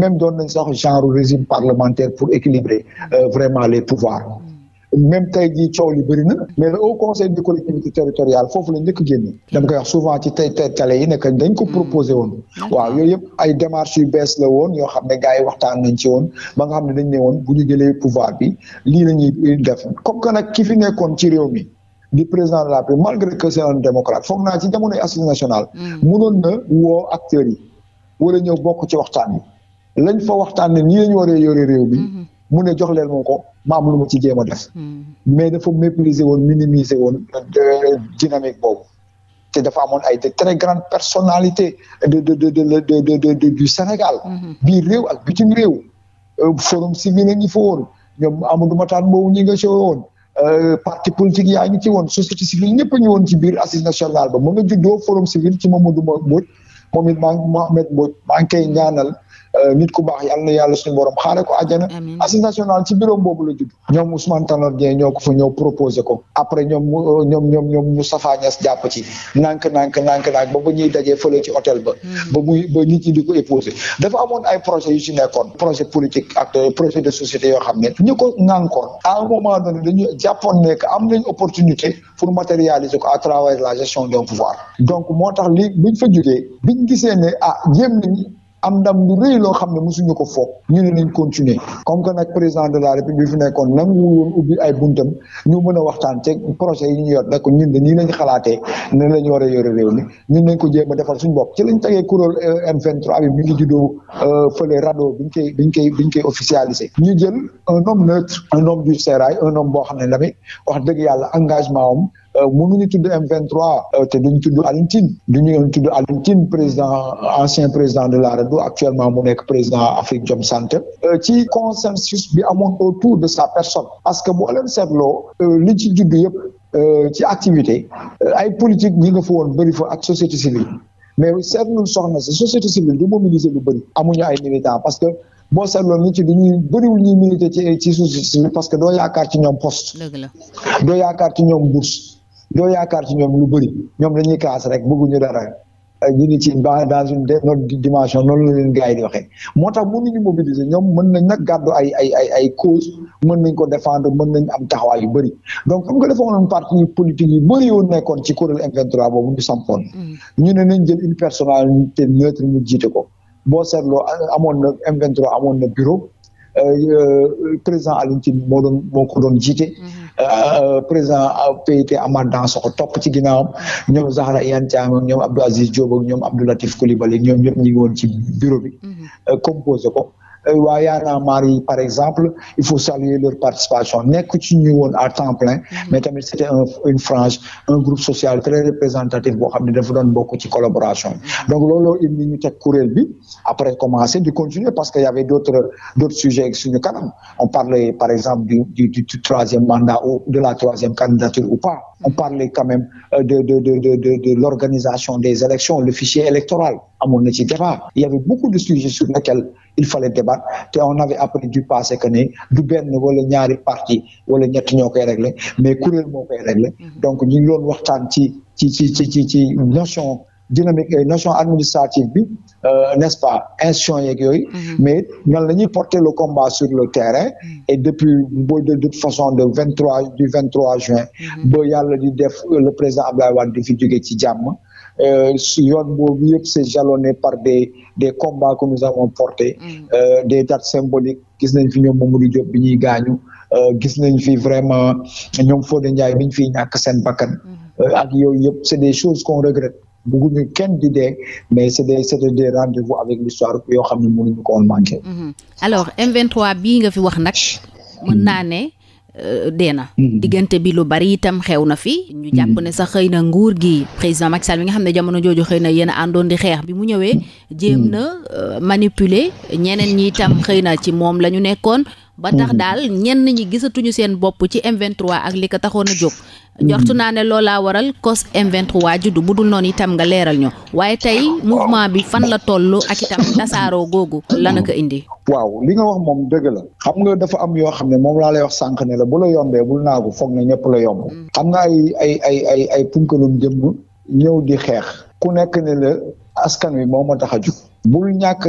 même doon nañ sax genre régime parlementaire pour équilibrer euh, vraiment les pouvoirs. Hmm. même tey jii coow li bëri na mais le haut conseil des collectivités territoriales foofu la njëkk génne dama koy wax souvent ci tey tey tale yi nekk dañ ko mm. proposé woon waaw yooyu yëpp ay démarches yu bees la woon yoo xam ne gars yi waxtaan nañ ci woon ba nga xam ne dañ ne woon bu ñu jëlee pouvoir bi lii la def comme que nag ci réew mi di président de la République malgré que c'est démocrate foog naa ci jamonoy Assemblée nationale mm. mënoon na woo acteurs yi wala mu ne jox leen moom ko ma lu mu ci jéem a def. Hmm. mais dafa mépriser woon minimiser woon euh, dynamique boobu. te dafa amoon ay de très grandes personnalités de de de de de de du Sénégal. Hmm. biir réew ak bitim réew. Euh, forum civil a ngi fa woon ñoom Amadou Mahtar Mbow ñi nga ci woon. Euh, parti politique yaa ngi woon société civile ñëpp ñu woon ci biir assise national ba mu nga juddoo forum civil ci Mamadou Mbodj moom it maa Mohamed Mbodj maa ngi koy ñaanal Euh, nit ku baax yàlla na yàlla suñu borom xaare ko àjjana assise nationale ci bureau boobu la judd ñoom Ousmane Tanor Dieng ñoo ko fa ñëw proposé après euh, ñoom ñoom ñoom ñoom ñu jàpp ci nànk nànk nànk ba ba ñuy dajee fële ci hôtel ba hmm. ba muy ba nit ñi di dafa amoon ay projet yu ci nekkoon projet politique ak euh, projet de société yoo xam ne ñu ko nànkoon à un moment donné dañu am nañ opportunité pour matérialiser ko à travers la gestion d'un am ndam lu rëy loo xam ne mosuñu ko foog ñu ne nañ continuer comme que nag président de la république fi nekkoon nangu woon ubbi ay buntam ñu mën a waxtaan ci projet yi ñu yor da ñun de nii lañ xalaatee ne lañ war a yore réew mi ñun nañ ko jéem a defal suñu bopp ci lañ tegee kuréel euh, M23 bi mi ngi juddoo euh, fële rado biñ koy biñ koy biñ koy officialisé ñu jël un homme neutre un nom du boo xam ne tamit wax dëgg yàlla engagement am Euh, mu tudd M23 euh, te duñu tudd Alioune Tine duñu tudd Alioune Tine président ancien président de la RADDHO actuellement mu nekk président Afrique Jom Santé euh, ci consensus bi amoon autour de sa personne parce que boo leen seetloo li ci judd yëpp ci activité ay politique ñi nga fa woon bëri fa ak société civile mais seetlu soxna si société civile du mobiliser lu bëri amuñu ay militants parce que boo seetloo nit ci dañuy bëriwul ñuy militer ci ci société civile parce que doo yaakaar ci ñoom poste doo yaakaar ci ñoom bourse doo yaakaar ci ñoom lu bëri ñoom dañuy kaas rek bëgguñu dara ñu ni ci ba dans une autre dimension noonu la leen gars yi di waxee moo tax mënuñu mobiliser ñoom mën nañ nag gàddu ay ay ay ay cause mën nañ ko défendre mën nañ sampoon mm. ñu ne nañ jël une personnalité neutre ñu jiite ko boo seetloo amoon na m amoon na bureau euh, euh, président Alioune Tine moo ko doon jiite mm-hmm. Euh, euh, président PIT Amath Dansokho topp ci ginnaawam ñoom Zahra Iyane Thiam ñoom Abdou Aziz Diop ak ñoom Abdou Latif Coulibaly ñoom ñëpp ñu ngi woon ci bureau mhm. euh, ko waa Yaana Mar yi par exemple il faut saluer leur participation nekk ci ñu woon à temps plein mhm. mais tamit c'était un une frange un groupe social très représentatif boo xam ne dafa doon bokk ci collaboration yi mhm. donc looloo indi bi après commencer di continuer parce que y avait d'autres d'autres sujets suñu on parlait par exemple du du du, du troisième mandat ou de la troisième candidature ou pas on mhm. parlait quand même euh, de de l'organisation des élections le électoral amoon na ci débat il il fallait débattre te on avait appris du passé que ni du benn wala ñaari parti wala ñett ñoo koy mais kuréel moo koy régler mm-hmm. donc ñu ngi doon waxtaan ci ci ci ci ci ci notion dynamique notion administrative bi euh, n'est-ce pas institution yeeg yooyu mm-hmm. mais ñoom la ñuy porter le combat sur le terrain mm-hmm. et depuis de toute façon de vingt trois du vingt trois juin ba yàlla di def le président Abdoulaye Wade di fi jóge ci jàmm Euh, yoon boobu yëpp c'est jalonné par de des combats que nous avons de mm. euh, des dates symboliques gis nañ fi ñoom Mamadou Diop bi ñuy gaañu euh, gis nañ fi vraiment ñoom Fodé Ndiaye bi biñ fi ñàkk seen bakkan. Mm. ak yooyu yëpp c'est des choses qu'on regrette. bëgguñu kenn di dee mais c'est des c'est avec l'histoire yoo xam ne mënuñu ko woon manqué. Mm-hmm. alors m bii nga fi wax nag. mën naa Euh, dee na mm-hmm. diggante bi lu bari itam xew na fi ñu jàpp mm-hmm. ne sax xëy na nguur gi président Macky Sall nga xam ne jamono jooju xëy na yéen a àndoon di xeex bi mu ñëwee jéem mm-hmm. na euh, manipuler ñeneen ñi itam xëy na ci moom la ñu nekkoon ba tax mhm. daal ñenn ñi gisatuñu seen bopp ci M23 ak li ko taxoon a jóg njortu mhm. naa ne laa waral cos M23 juddu bu dul noonu itam nga leeral ñu waaye tey mouvement bi fan la toll ak itam tasaaroo googu lana ko indi waaw li nga wax moom dëgg la xam nga dafa am yoo xam ne moom laa lay wax sànq ne la bu la yombee bul naagu foog ne ñëpp la yomb mm. xam nga ay ay ay ay jëm ñëw di xeex ku nekk ne la askan wi moo ma tax a jug bul ñàkk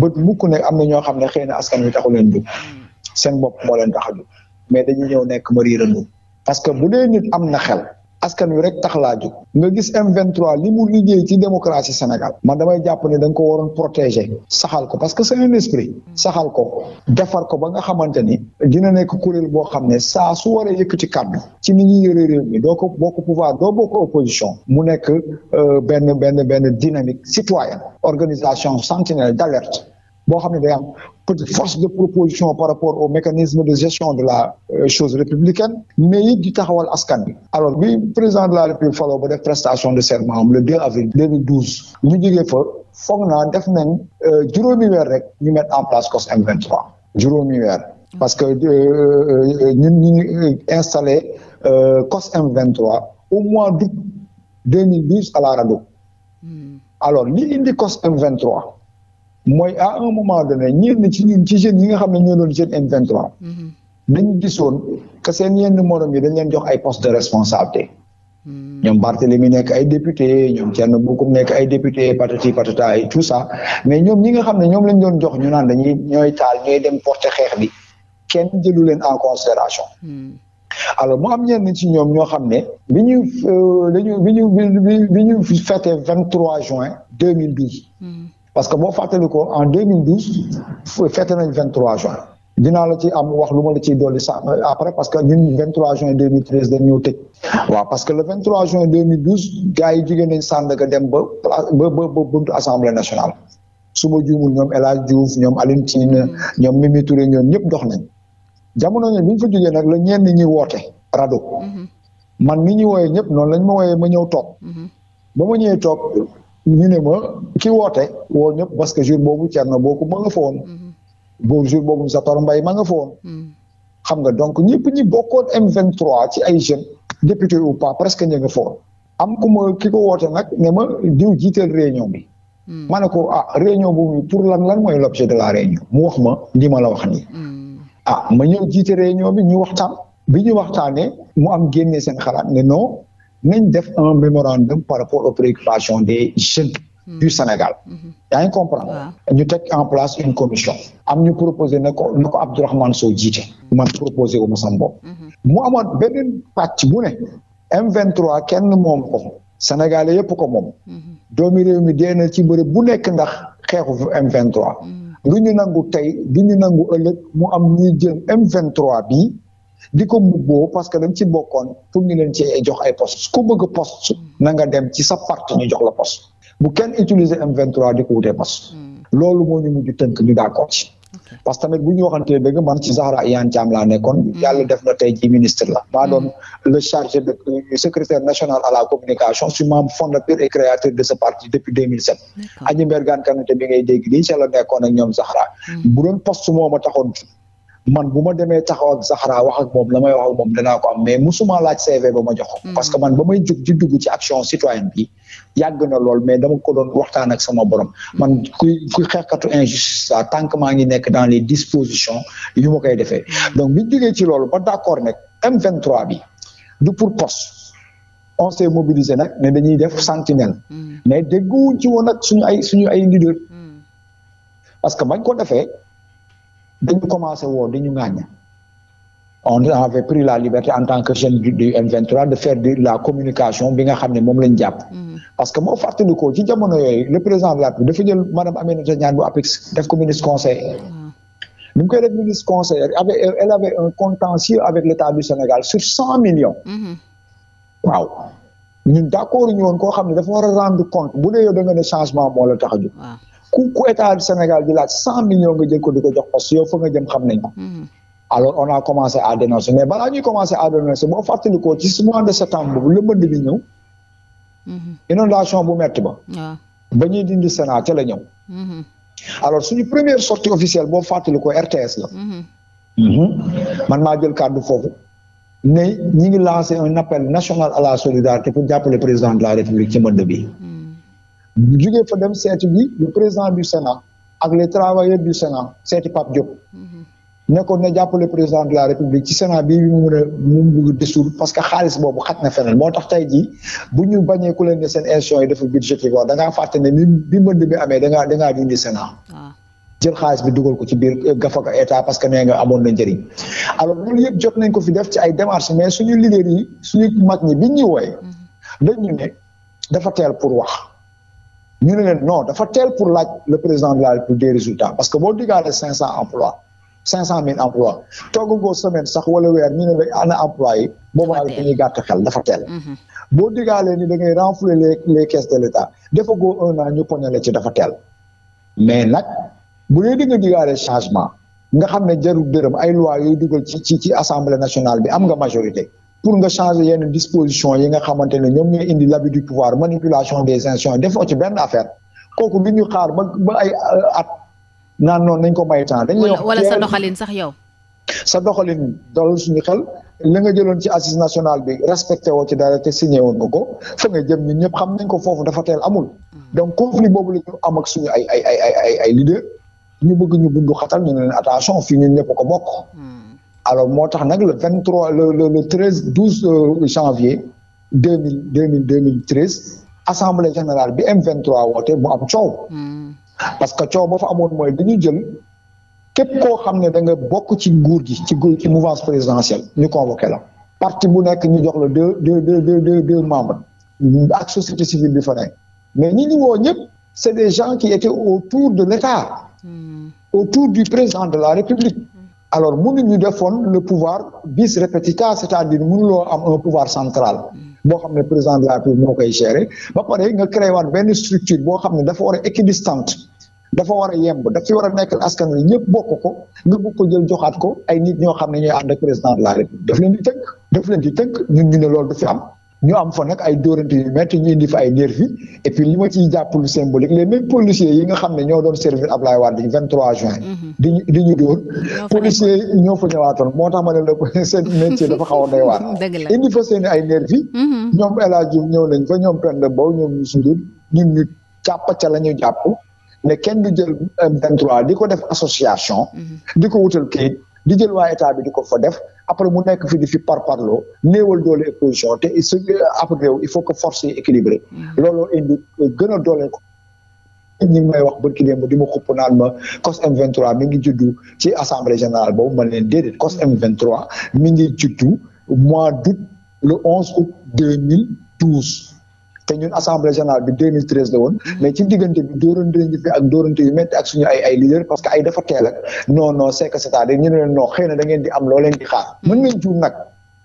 bët mukk ne am na ñoo xam ne xëy na askan wi taxu leen jug mm. seen bopp moo leen tax a jóg mais dañuy ñëw nekk ma riirandoo parce que bu dee nit am na xel askan wi rek tax laa jóg nga gis M23 li mu liggéey ci démocratie Sénégal man damay jàpp ne da nga ko waroon protéger saxal ko parce que c'est un esprit saxal ko defar ko ba nga xamante ni dina nekk kuréel boo xam ne saa su waree yëkkati kàddu ci ni ñuy yore mi doo ko boo ko pouvoir doo boo ko opposition mu nekk euh, benn benn benn dynamique citoyenne organisation sentinelle d'alerte boo xam ne day am peut-être force de proposition par rapport au mécanisme de gestion de la euh, chose républicaine mais it di taxawal askan bi alors bi président de la république faloo ba def prestation de serment am le 2 avril 2012 ñu jógee fa foog naa def nañ euh, juróomi weer rek ñu mettre en place COS M23 juróomi weer parce que euh, ñun ñu installé COS M23 au mois d'août 2012 à la RADDHO hmm. alors li indi COS M23 mooy à un moment donné ñenn ci ñun ci nga xam ne ñoo doon jeune M23. Mm-hmm. dañu leen jox ay poste de responsabilité. Mm-hmm. ñoom Barthélemy nekk ay député ñoom Thierno Bocoum nekk ay député patati patata et tout ça mais ñoom ñi nga xam ne ñoom lañ doon jox ñu naan dañuy ñooy taal ñooy dem porter xeex bi kenn jëlu leen en considération. Mm-hmm. alors mu am ñenn ci ñoom ñoo xam ne bi ñu euh, bi ñu bi ñu bi ñu fêté 23 juin 2012. parce que boo fàttali ko en 2012 fête nañ 23 juin dinaa la ci am wax lu ma la ciy dolli sa après parce que tëj waaw parce que le 23 juin 2012 gars yi jigéen nañ Sandaga dem ba ba ba buntu assemblée nationale su ma juumul ñoom El Hadj ñoom Alioune Tine ñoom Mimi Touré ñoom ñëpp dox nañ jamono ñu bi ñu fa jógee nag la ñenn ñi woote rado mm-hmm. man ni ñu wooyee ñëpp noonu lañ ma wooyee ma ñëw toog mm-hmm. ba ma ñëwee toog ñu ne ma ki woote woo ñëpp parce que jour boobu na Thierno Bocoum ma nga fa woon mm-hmm. bo jour boobu Moussa mbay ma nga fa woon mm-hmm. xam nga donc ñëpp ñi bokkoon M23 ci ay jeunes député ou pas presque ñu nga fa am ku ma ki ko woote nag ne ma diw jiiteel réunion bi mm-hmm. ne ko ah réunion boobu pour lan lan mooy l'objet de la réunion mu wax ma li ma la wax nii ah ma ñëw jiite réunion bi ñu waxtaan bi ñu waxtaanee mu am génnee seen xalaat ne non nañ def un mémorandum par rapport aux préoccupations des jeunes hmm. du Sénégal hmm. yaa ngi comprendre ñu teg en place une commission am ñu proposé na ko na ko Abdourahmane Sow jiite man proposé wu ma sam bopp hmm. mu amoon beneen pàcc bu ne M23 kenn moom ko Sénégalais yëpp ko moom doomi réew mi dee ci bërëb bu nekk ndax xeexu M23 lu ñu nangu tey du ñu nangu ëllëg mu am ñuy jël M23 bii di ko mbubboo parce que dañ ci bokkoon pour ñu leen ci jox ay poste ku bëgg poste na dem ci sa parti ñu jox la poste bu kenn utiliser M23 di ko wutee poste hmm. loolu moo ñu mujj tënk ñu d'accord ci parce que tamit bu ñu waxantee dëgg man ci Zahra Iyane Thiam laa nekkoon hmm. yàlla def na tey i ministre la maa hmm. doon le chargé de euh, secrétaire national à la communication su membre fondateur et créateur de ce parti depuis 2007 Agnès Bergane Kanouté bi ngay dégg man bu ma demee taxaw ak Zahra ak moom la may wax ak moom danaa ko am mais musuma laaj CV ba ma jox hmm. parce que man ba may jug di dugg ci action citoyenne bi yàgg na lool mais dama ko doon waxtaan ak sama borom man kuy kuy xeexkatu injustice la tant que maa ngi nekk dans les dispositions yu ma koy defee hmm. donc biñ jógee ci loolu ba d'accord nag M23 bi du pour poste on s'est mobilisé nag ne dañuy def sentinelle hmm. mais dégguwuñ ci woon nag suñu ay suñu ay leader parce que bañ ko defee dañu commencé woo dañu ŋàññ on avait pris la liberté en tant que jeune du m de faire de la communication bi nga xam ne moom lañ jàpp mm-hmm. parce que moo fàttalikoo ci jamono yooyu le président de la République dafa jël madame Aminata Niane bu APEX def ko ministre conseiller ah. bi koy def ministre conseiller avait un contentieux avec l'État du Sénégal sur cent millions mm-hmm. waaw ñun d'accord ñu woon koo xam ne dafa war a compte bu dee yow da ne changement la tax a jóg ku ku état du Sénégal di laaj cent millions nga jël ko di ko jox parce que yow fa nga jëm xam nañ ko mm-hmm. alors on a commencé à dénoncer mais balaa ñuy commencé à dénoncer boo fàttali ko ci mois de septembre boobu ñëw mm-hmm. inondation bu metti ba ba ñuy di Sénat ca la ñëw mm-hmm. alors suñu première sortie officielle boo fàttali ko RTS la man maa jël kàddu foofu ne ñi ngi lancé un appel national à la solidarité pour jàppale président de la république ci mbënd bi jugee fa dem seeti bi le président du Sénat ak travailleurs du Sénat seeti Pape Diop mm-hmm. nekkoon na jàppale président de la république ci Sénat bi mu mu bugg desul parce que xaalis boobu xat na feneen moo tax tey jii bu ñu bañee ku leen ne seen institution yi dafa budgété da ngaa fàtte ne ni bi mbënd bi amee da ngaa da ngaa dindi Sénat ah. jël euh, que nee nga na njëriñ alors loolu yëpp jot ko fi def ci ay démarches mais suñu leader yi mm-hmm. dafa teel pour wax ñu ne leen no dafa teel pour laaj le président de la République des résultats parce que boo diggaale cinq cent emplois cinq cent mille emplois toogagoo semaine sax wala weer ñu ne la ana emploi yi boobaa dañuy gàtt xel dafa teel mm-hmm. boo digaalee ni da ngay renflouer les les caisses de a defagoo un an ñu poñale ci dafa teel mais nag bu dee di changement nga xam ne jarul dërëm ay loi yooyu dugal ci ci ci assemblée nationale bi am nga majorité pour nga changer yenn disposition yi nga xamante ne ñoom ñooy indi l'abus du pouvoir manipulation des institutions defoo ci benn affaire kooku bi ñu xaar ba ba ay euh, at naan noonu nañ ko may temps dañ lay wax wala sa doxalin sax yow sa doxalin dalal suñu xel la nga jëloon ci assise national bi respecté woo ci dara te signé woon nga ko fa nga jëm ñun ñëpp xam nañ ko foofu dafa teel amul hmm. donc conflit boobu la am ak suñu ay ay ay ay ay leader ñu bëgg ñu bundu xatal ñu ne leen attention fii ñu ñëpp ko bokk hmm. alors moo tax nag le 23 le le le 13 12 euh, janvier 2000 2000 2013 assemblée générale bi M23 woote mu am coow. Hmm. parce que coow ba fa amoon mooy dañu jël képp koo xam ne da nga bokk ci nguur gi ci gu ci mouvance présidentielle ñu convoqué la. parti bu nekk ñu jox la deux deux ak société civile bi fa mais ñu ñu woo ñëpp c' est des gens qui étaient autour de l' État. Hmm. autour du président de la République. alors mënuñu defoon le pouvoir bis repetita c'est-à-dire mënuloo am un pouvoir central boo xam ne président de la République moo koy gérer ba pare nga créé waat benn structure boo xam ne dafa war a équidistante dafa war a yemb dafa war a nekkal askan wi ñëpp bokk ko nga bëgg ko jël joxaat ko ay nit ñoo xam ne ñooy ànd ak président de la République daf leen di tënk daf leen di ñu ne loolu du fi am ñu am fa nag ay dóorante yu métti ñu indi fa ay nervi et puis li symbolique les mêmes policiers yi nga xam ne ñoo doon servir Ablaye Wade di 23 juin. Mhm. di ñu di ñu dóor. policiers ñoo fa moo tax ma ne la seen métier dafa xaw a doy waar. indi fa seen ay nervi mhm. ñoom El Hadj ñoom Penda Mbow ñoom Youssou Ndour ñu càpp ca ñu jàpp ne kenn du jël M23 di ko def association. Mhm. di ko wutal kayit di jël waa état bi di ko fa def. après mu nekk fi di fi par parloo néewal doole opposition te su ab réew il faut que force yi équilibré mm. looloo indi euh, gën a doole ko ñu ngi may wax bërki démb di ma xupp naan ma COS M23 mi ngi juddu ci assemblée générale boobu ma leen déedéet COS M23 mi ngi juddu mois d'août le 11 août 2012 te ñun assemblée générale bi 2013 la woon mm-hmm. mais ci diggante bi dóorante ñu fi ak dóorante yu métti ak suñu ay ay parce que ay dafa teel ak non non c'est que c'est-à-dire ñu na di am loo leen xaar mm-hmm. mën ngeen juum nag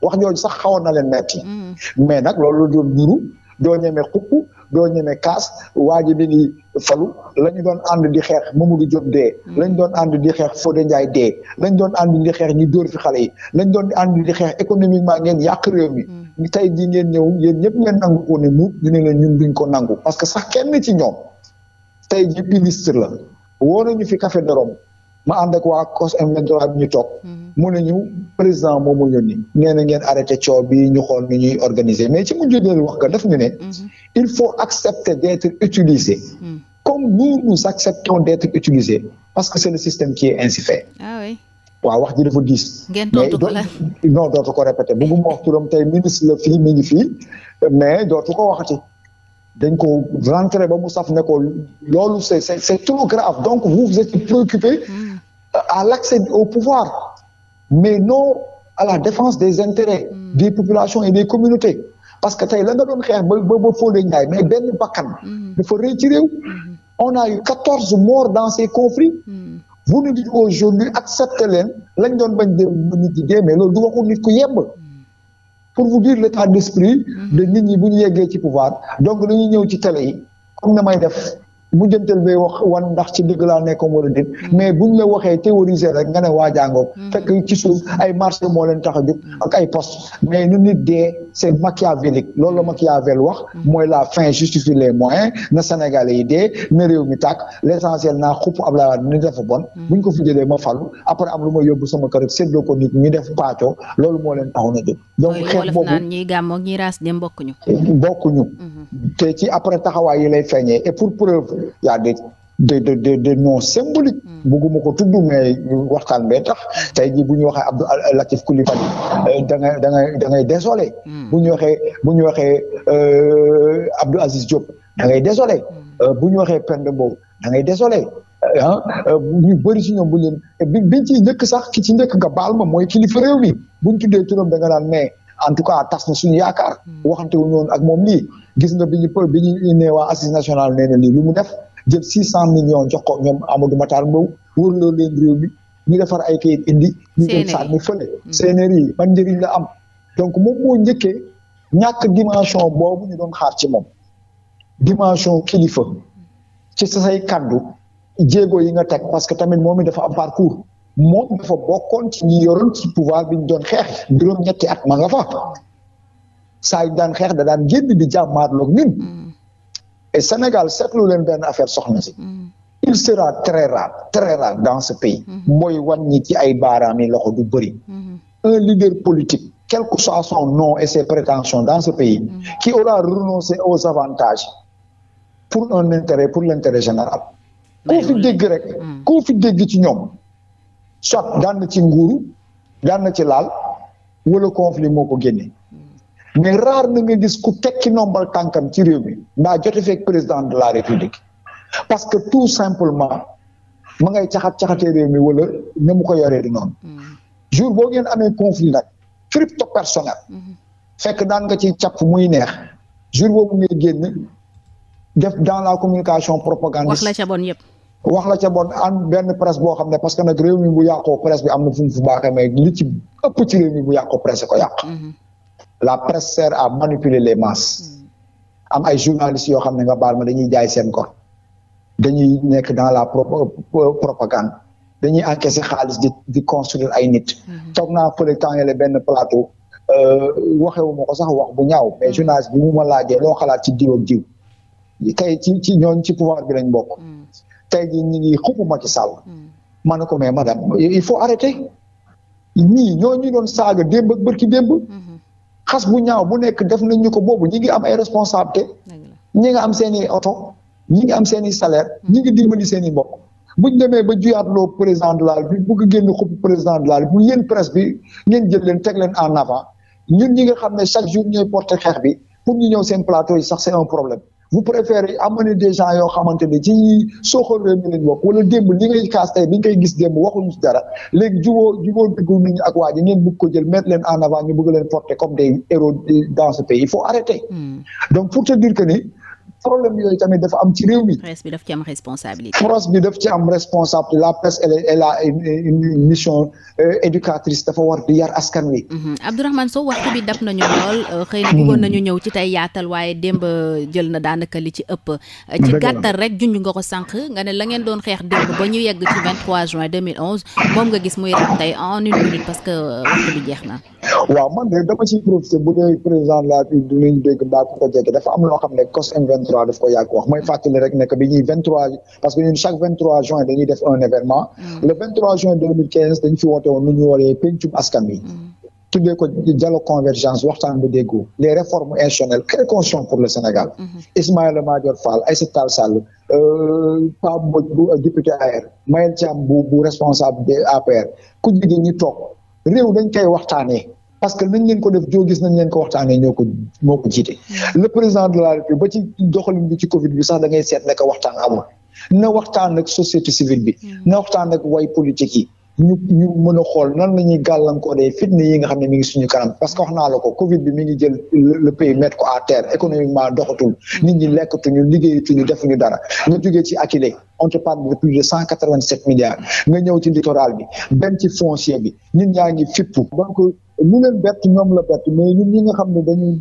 wax jooju sax xawoon na leen métti mm-hmm. mais nag loolu doon duru doo ñemee xupp doo ñemee kaas waa ji bi ngi falu la ñu doon ànd di xeex Mamadou Diop dee lañ doon ànd di xeex Fodé Ndiaye dee lañ doon ànd di xeex ñu dóor fi xale yi lañ doon ànd di xeex économiquement ngeen yàq réew mi tey jii ngeen ñëw yéen ñëpp ngeen nangu ko ne mu ñu ne leen ñun duñ ko nangu parce que sax kenn ci ñoom tey jii ministre la woo nañu fi Café de Rome ma ànd ak waa cos M23 ñu toog mm-hmm. mu ne ñu président moomu yónni nee na ngeen arrêté coow ñu xool ni ñuy organiser mais ci mujj deel wax nga daf ñu ne mm-hmm. il faut accepter d'être utilisé mm-hmm. comme nous nous acceptons d'être utilisés parce que c'est le système qui est ainsi fait ah waaw wax ji dafa diis. ngeen dootu ko la mais non dootu ko répété bëgguma wax turam tey ministre la fii mi ngi fii mais dootu ko waxati. dañ ko rentré ba mu saf ne ko loolu c'est c'est c'est trop grave donc vous vous préoccupé hmm. à l'accès au pouvoir mais no à la défense des intérêts mm. des populations et des communautés parce que tey la nga doon xeex ba ba ba Fodé mais benn bakkan hmm. dafa rëy ci réew hmm. on a eu quatorze morts dans ces conflits vous nous dites aujourd'hui acceptez leen lañ doon bañ démb ba nit yi dee mais loolu du waxu nit ku yemb pour vous dire l'état d'esprit mm-hmm. de nit ñi bu ñu yeggee ci pouvoir donc dañuy ñëw ci télé yi comme na may def mujjantal bay wax wan ndax ci dëgg laa nekkoon a déet mm. mais buñ la waxee théoriser rek nga ne waa jàngoon mm. fekk ci suuf ay marché moo leen tax a jóg mm. ak ay poste mais nu nit dee c'est machiavélique loolu wax mooy la fin justifie les moyens na Sénégalais yi dee na réew mi tàkk l'essentiel naa xupp Abdoulaye Wade ni dafa bon buñ ko fi ma falu après am lu ma yóbbu sama kër rek séddoo ko nit ñu def paaco loolu moo leen taxu na jóg donc xeex boobu ñi gàmmoo ñi raas y a des de de de de noms symboliques. Hmm. bëgguma ko tudd mais waxtaan bee tax tey jii bu ñu waxee Abdou Latif Coulibaly euh, da ngay da da ngay désolé. Hmm. bu ñu waxee bu ñu waxee euh, Abdou Aziz Diop da ngay désolé. Hmm. Euh, bu ñu waxee Penda Mbow da ngay désolé. ah ñu bëri si ñoom bu leen bi biñ ciy njëkk sax ki ci njëkk nga baal ma mooy kilifa réew mi buñ tuddee turam da nga naan mais en tout cas tas na suñu yaakaar waxante wu ñoon ak moom lii gis nga bi ñu bi ñu ne waa assise nationale nee na lii lu mu def jël six cent millions jox ko ñoom Amadou Matar Mbow wërloo leen réew mi ñu defar ay kayit indi ñu jël sànni fële mm. seenéer yi ban njëriñ la am donc moom moo njëkkee ñàkk dimension boobu ñu doon xaar ci moom dimension kilifa ci sa say kaddu jéego yi nga teg parce que tamit moom mi dafa am parcours moom dafa bokkoon ci ci pouvoir bi doon xeex juróom-ñetti at ma nga fa saa yu daan xeex da daan génn di jàmmaarloog ñun mm. et Sénégal seetlu leen benn affaire soxna si mm. il sera très rare très rare dans ce pays mm. mooy wàññi ci ay baaraami loxo du bëri mm-hmm. un leader politique quel que soit son nom et ses prétentions dans ce pays qui aura renoncé aux avantages pour un intérêt pour l'intérêt général koo fi dégg rek koo fi dégg ci ñoom soit daan na ci nguuru daan na ci laal wala conflit moo ko mais rare na nga gis ku tekki nombal tànkam ci réew mi ndaa jote feek président de la république parce que tout simplement ma ngay caxat caxatee réew mi wala ne mu ko yoree di noonu mm. jour boo ngeen amee conflit nag crypto personnel mm-hmm. fekk daan nga ciy càpp muy neex jour boobu ngay génn def dans la communication propagandiste wax la ca bon wax la ca bon am benn presse boo xam ne parce que nag réew mi bu yàqoo presse mu fu baaxee mais ko yàq mm-hmm. la presse sert à manipuler les masses hmm. am ay journalistes yoo xam ne nga baal ma dañuy jaay seen kor dañuy nekk dans la propagande dañuy encaisser xaalis di di construire ay nit hmm. toog naa fële tàngale benn plateau euh, waxewu ma ko sax wax bu ñaaw mais hmm. journaliste bi mu ma laajee loo xalaat ci diw ak diw tey ci ci ñooñ ci pouvoir bi lañ bokk tey jii ñu ngi ma ne ko mais madame il faut arrêter ñii ñoo ñu doon saaga démb ak bërki démb xas bu ñaaw bu nekk def nañ ñu ko boobu ñi ngi am ay responsabilité ñi nga am seen i oto ñi ngi am seen i salaire ñi ngi dimbali seen i mbokk buñ demee ba juyaatloo président de la République bugg génn xupp président de la République yéen presse bi ngeen jël leen teg leen en avant ñun ñi nga xam ne chaque jour ñooy porter xeex bi pour ñu ñëw seen plateau yi sax c'est un problème vous préférez amener des gens yoo xamante ne ci soxal réew mi lañ bokk wala démb li ngay kaas tey bi nga koy gis démb waxuñu si dara léegi jubóo jubóo déglu nit ñi ak waa ji ngeen ko jël mettre leen en avant ñu bëgg leen porter comme des héros dans ce pays il faut arrêter. Hmm. donc pour te dire que ni. problème yooyu tamit dafa am ci réew mi. presse bi daf ci am responsabilité. presse bi daf ci am responsable la presse elle elle une mission euh, éducatrice dafa war di yar askan wi. Mhm. Abdourahmane Sow waxtu bi dab nañu lool. Euh, xëy na bëggoon nañu ñëw ci tey yaatal waaye démb euh, jël na daanaka li ci ëpp. ci gàttal rek junj nga ko sànq nga ne la ngeen doon xeex démb ba ñu yegg ci 23 juin 2011 moom nga gis muy rek tey en une minute parce que waxtu bi jeex na. waaw man de dama ciy profité bu dee président de la République am loo xam ne COS m ko yàgg wax mooy fàttali rek ne bi ñuy parce que chaque juin dañuy def un événement. Mm. le juin 2015 fi woote woon pencum askan wi. Mm. tuddee ko dialogue convergence waxtaan bi déggoo les réformes institutionnelles quelle conscience pour le Sénégal mm-hmm. Ismaïla Madior Fall Aïssata Tall Sall euh, Pape Mbodj euh, député AR Mayel Thiam bu responsable de APR ku jigéen ñi toog réew dañ koy waxtaanee parce que nañ leen ko def joo gis nañ ko waxtaanee ñoo ko ko jiite le président de la république ba ci bi ci covid bi sax da ngay seet ne ko waxtaan amul na waxtaan ak société civile bi hmm. na waxtaan ak way politique yi ñu ñu mën a xool nan la ñuy gàllankooree fitna yi nga xam ne mi ngi suñu kanam parce que wax naa la ko Covid bi mi ngi jël le pays mettre ko à terre économiquement doxatul nit ñi lekkatuñu liggéeyatuñu defuñu dara nga jógee ci Akilee on te parle de plus de cent quatre vingt sept milliards nga ñëw ci littoral bi dem ci foncier bi nit ñaa ngi fippu donc lu leen bett ñoom la bett mais ñun ñi nga xam ne dañuy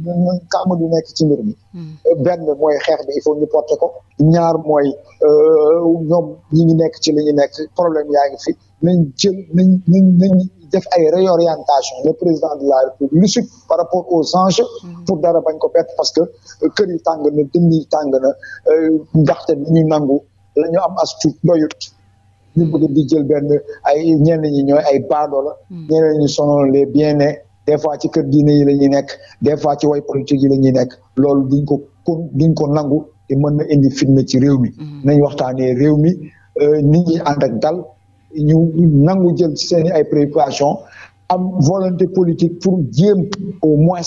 kàmm du nekk ci mbir mi. Hmm. benn mooy xeex bi il faut ñu porter ko. ñaar mooy euh, ñoom ñi ngi nekk ci li ñu nekk problème yaa ngi fi. nañ nañ nañ def ay réorientation le président de la république lucide par rapport au enjeux mm-hmm. pour dara bañ ko pet parce que euh, kër yi tàng na dënn tàng na euh, ndaxte bi ñu nangu la am as tuut doyut ñu mm-hmm. bëgg di jël benn ay ñenn ñi ñooy ay baadoo la mm-hmm. ñeneen ñu sonal les bien-nés des fois ci kër diine yi la ñuy nekk des fois ci way politique yi la ñuy nekk loolu duñ ko kon duñ nangu te mën na indi fitna ci réew mi nañ waxtaanee réew mi euh, nit ñi ànd ak dal ñu nangu jël seen i ay préoccupations am volonté politique pour jéem au moins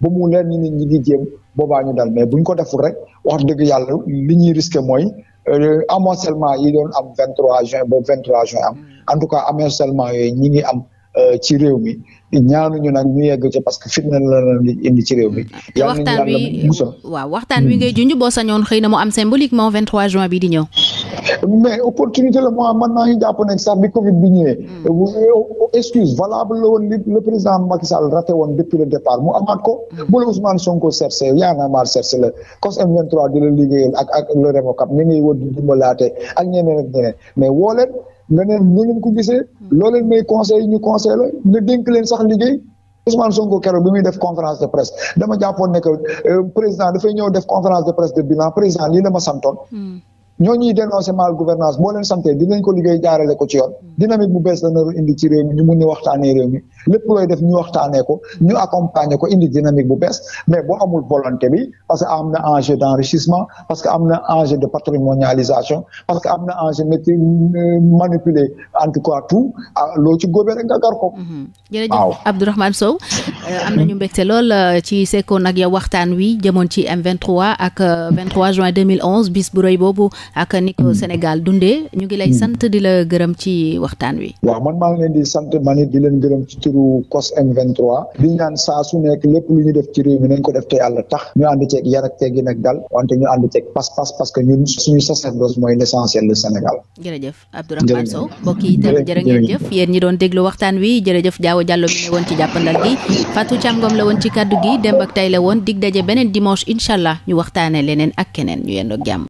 ba mu leer ñi nit ñi di jéem boobaa ñu dal mais bu ko deful rek wax dëgg yàlla li ñuy risqué mooy euh, amoncellement yi doon am 23 juin ba 23 juin am mm. en tout cas amoncellement yooyu ñi ngi am. Euh, ci réew mi ñaanuñu nag ñu yegg ca parce que fitna la la indi ci réew mi. Mm. yàlla nañu yàlla musal waaw waxtaan wi ngay junj boo sañoon xëy na mu am symboliquement 23 juin bi di ñëw. mais opportunité la moi man maa jàpp ne sax bi Covid bi ñëwee. Mm. Euh, euh, excuse valable la woon li le président Macky Sall woon depuis le départ mu amaat ko. Mm. bu la Ousmane Sonko cherché yaa na maar cherché la COS M23 di la liggéeyal ak ak le Rémocap ñu ngi wër ak ñeneen ak mais woo nga ne ñu leen ko gisee hmm. loo leen may conseil ñu conseil la nga dénk leen sax liggéey Ousmane Sonko keroog bi muy def conférence de presse dama jàppoon ne que euh, président dafay ñëw def conférence de presse de bilan président lii la ma santoon hmm. ñoo ñuy dénoncé mal gouvernance boo leen santee dinañ ko liggéey jaarale ko ci yoon hmm. dynamique bu bees la naru indi mi ñu mun ni waxtaanee lépp looy def ñu waxtaanee ko ñu accompagner ko indi dynamique bu bees mais boo amul volonté bi parce que am na enjeu d'enrichissement parce que am na enjeu de patrimonialisation parce que am na enjeu métti manipuler en tout cas tout ah, loo ci góobee rek nga gar ko. Mm-hmm. jërëjëf Abdourahmane Sow euh, am nañu mbégte lool euh, ci sekkoon ak yow waxtaan wi jëmoon ci M23 ak 23 euh, juin 2011 bis bu rëy boobu ak ni ko mm. Sénégal dundee ñu ngi lay mm. sant di la gërëm ci waxtaan wi. waaw man maa ngi leen di sant man it di leen gërëm ci turu COS m saa su nekk lépp lu ñu def ci réew mi nañ def te yàlla tax ñu ànd ceeg yar ak dal wante ñu ànd ceeg pas-pas parce que ñun suñu sacerdoce mooy l'essentiel du Sénégal. jërëjëf Abdourahmane Sow mbokk yi itam jërë ñi doon déglu waxtaan wi jërëjëf Diaw Diallo mi ne woon ci jàppandal gi Fatou Thiam la woon ci kaddu gi démb tay la woon dig beneen dimanche incha ñu waxtaane leneen ak keneen ñu yendoog jàmm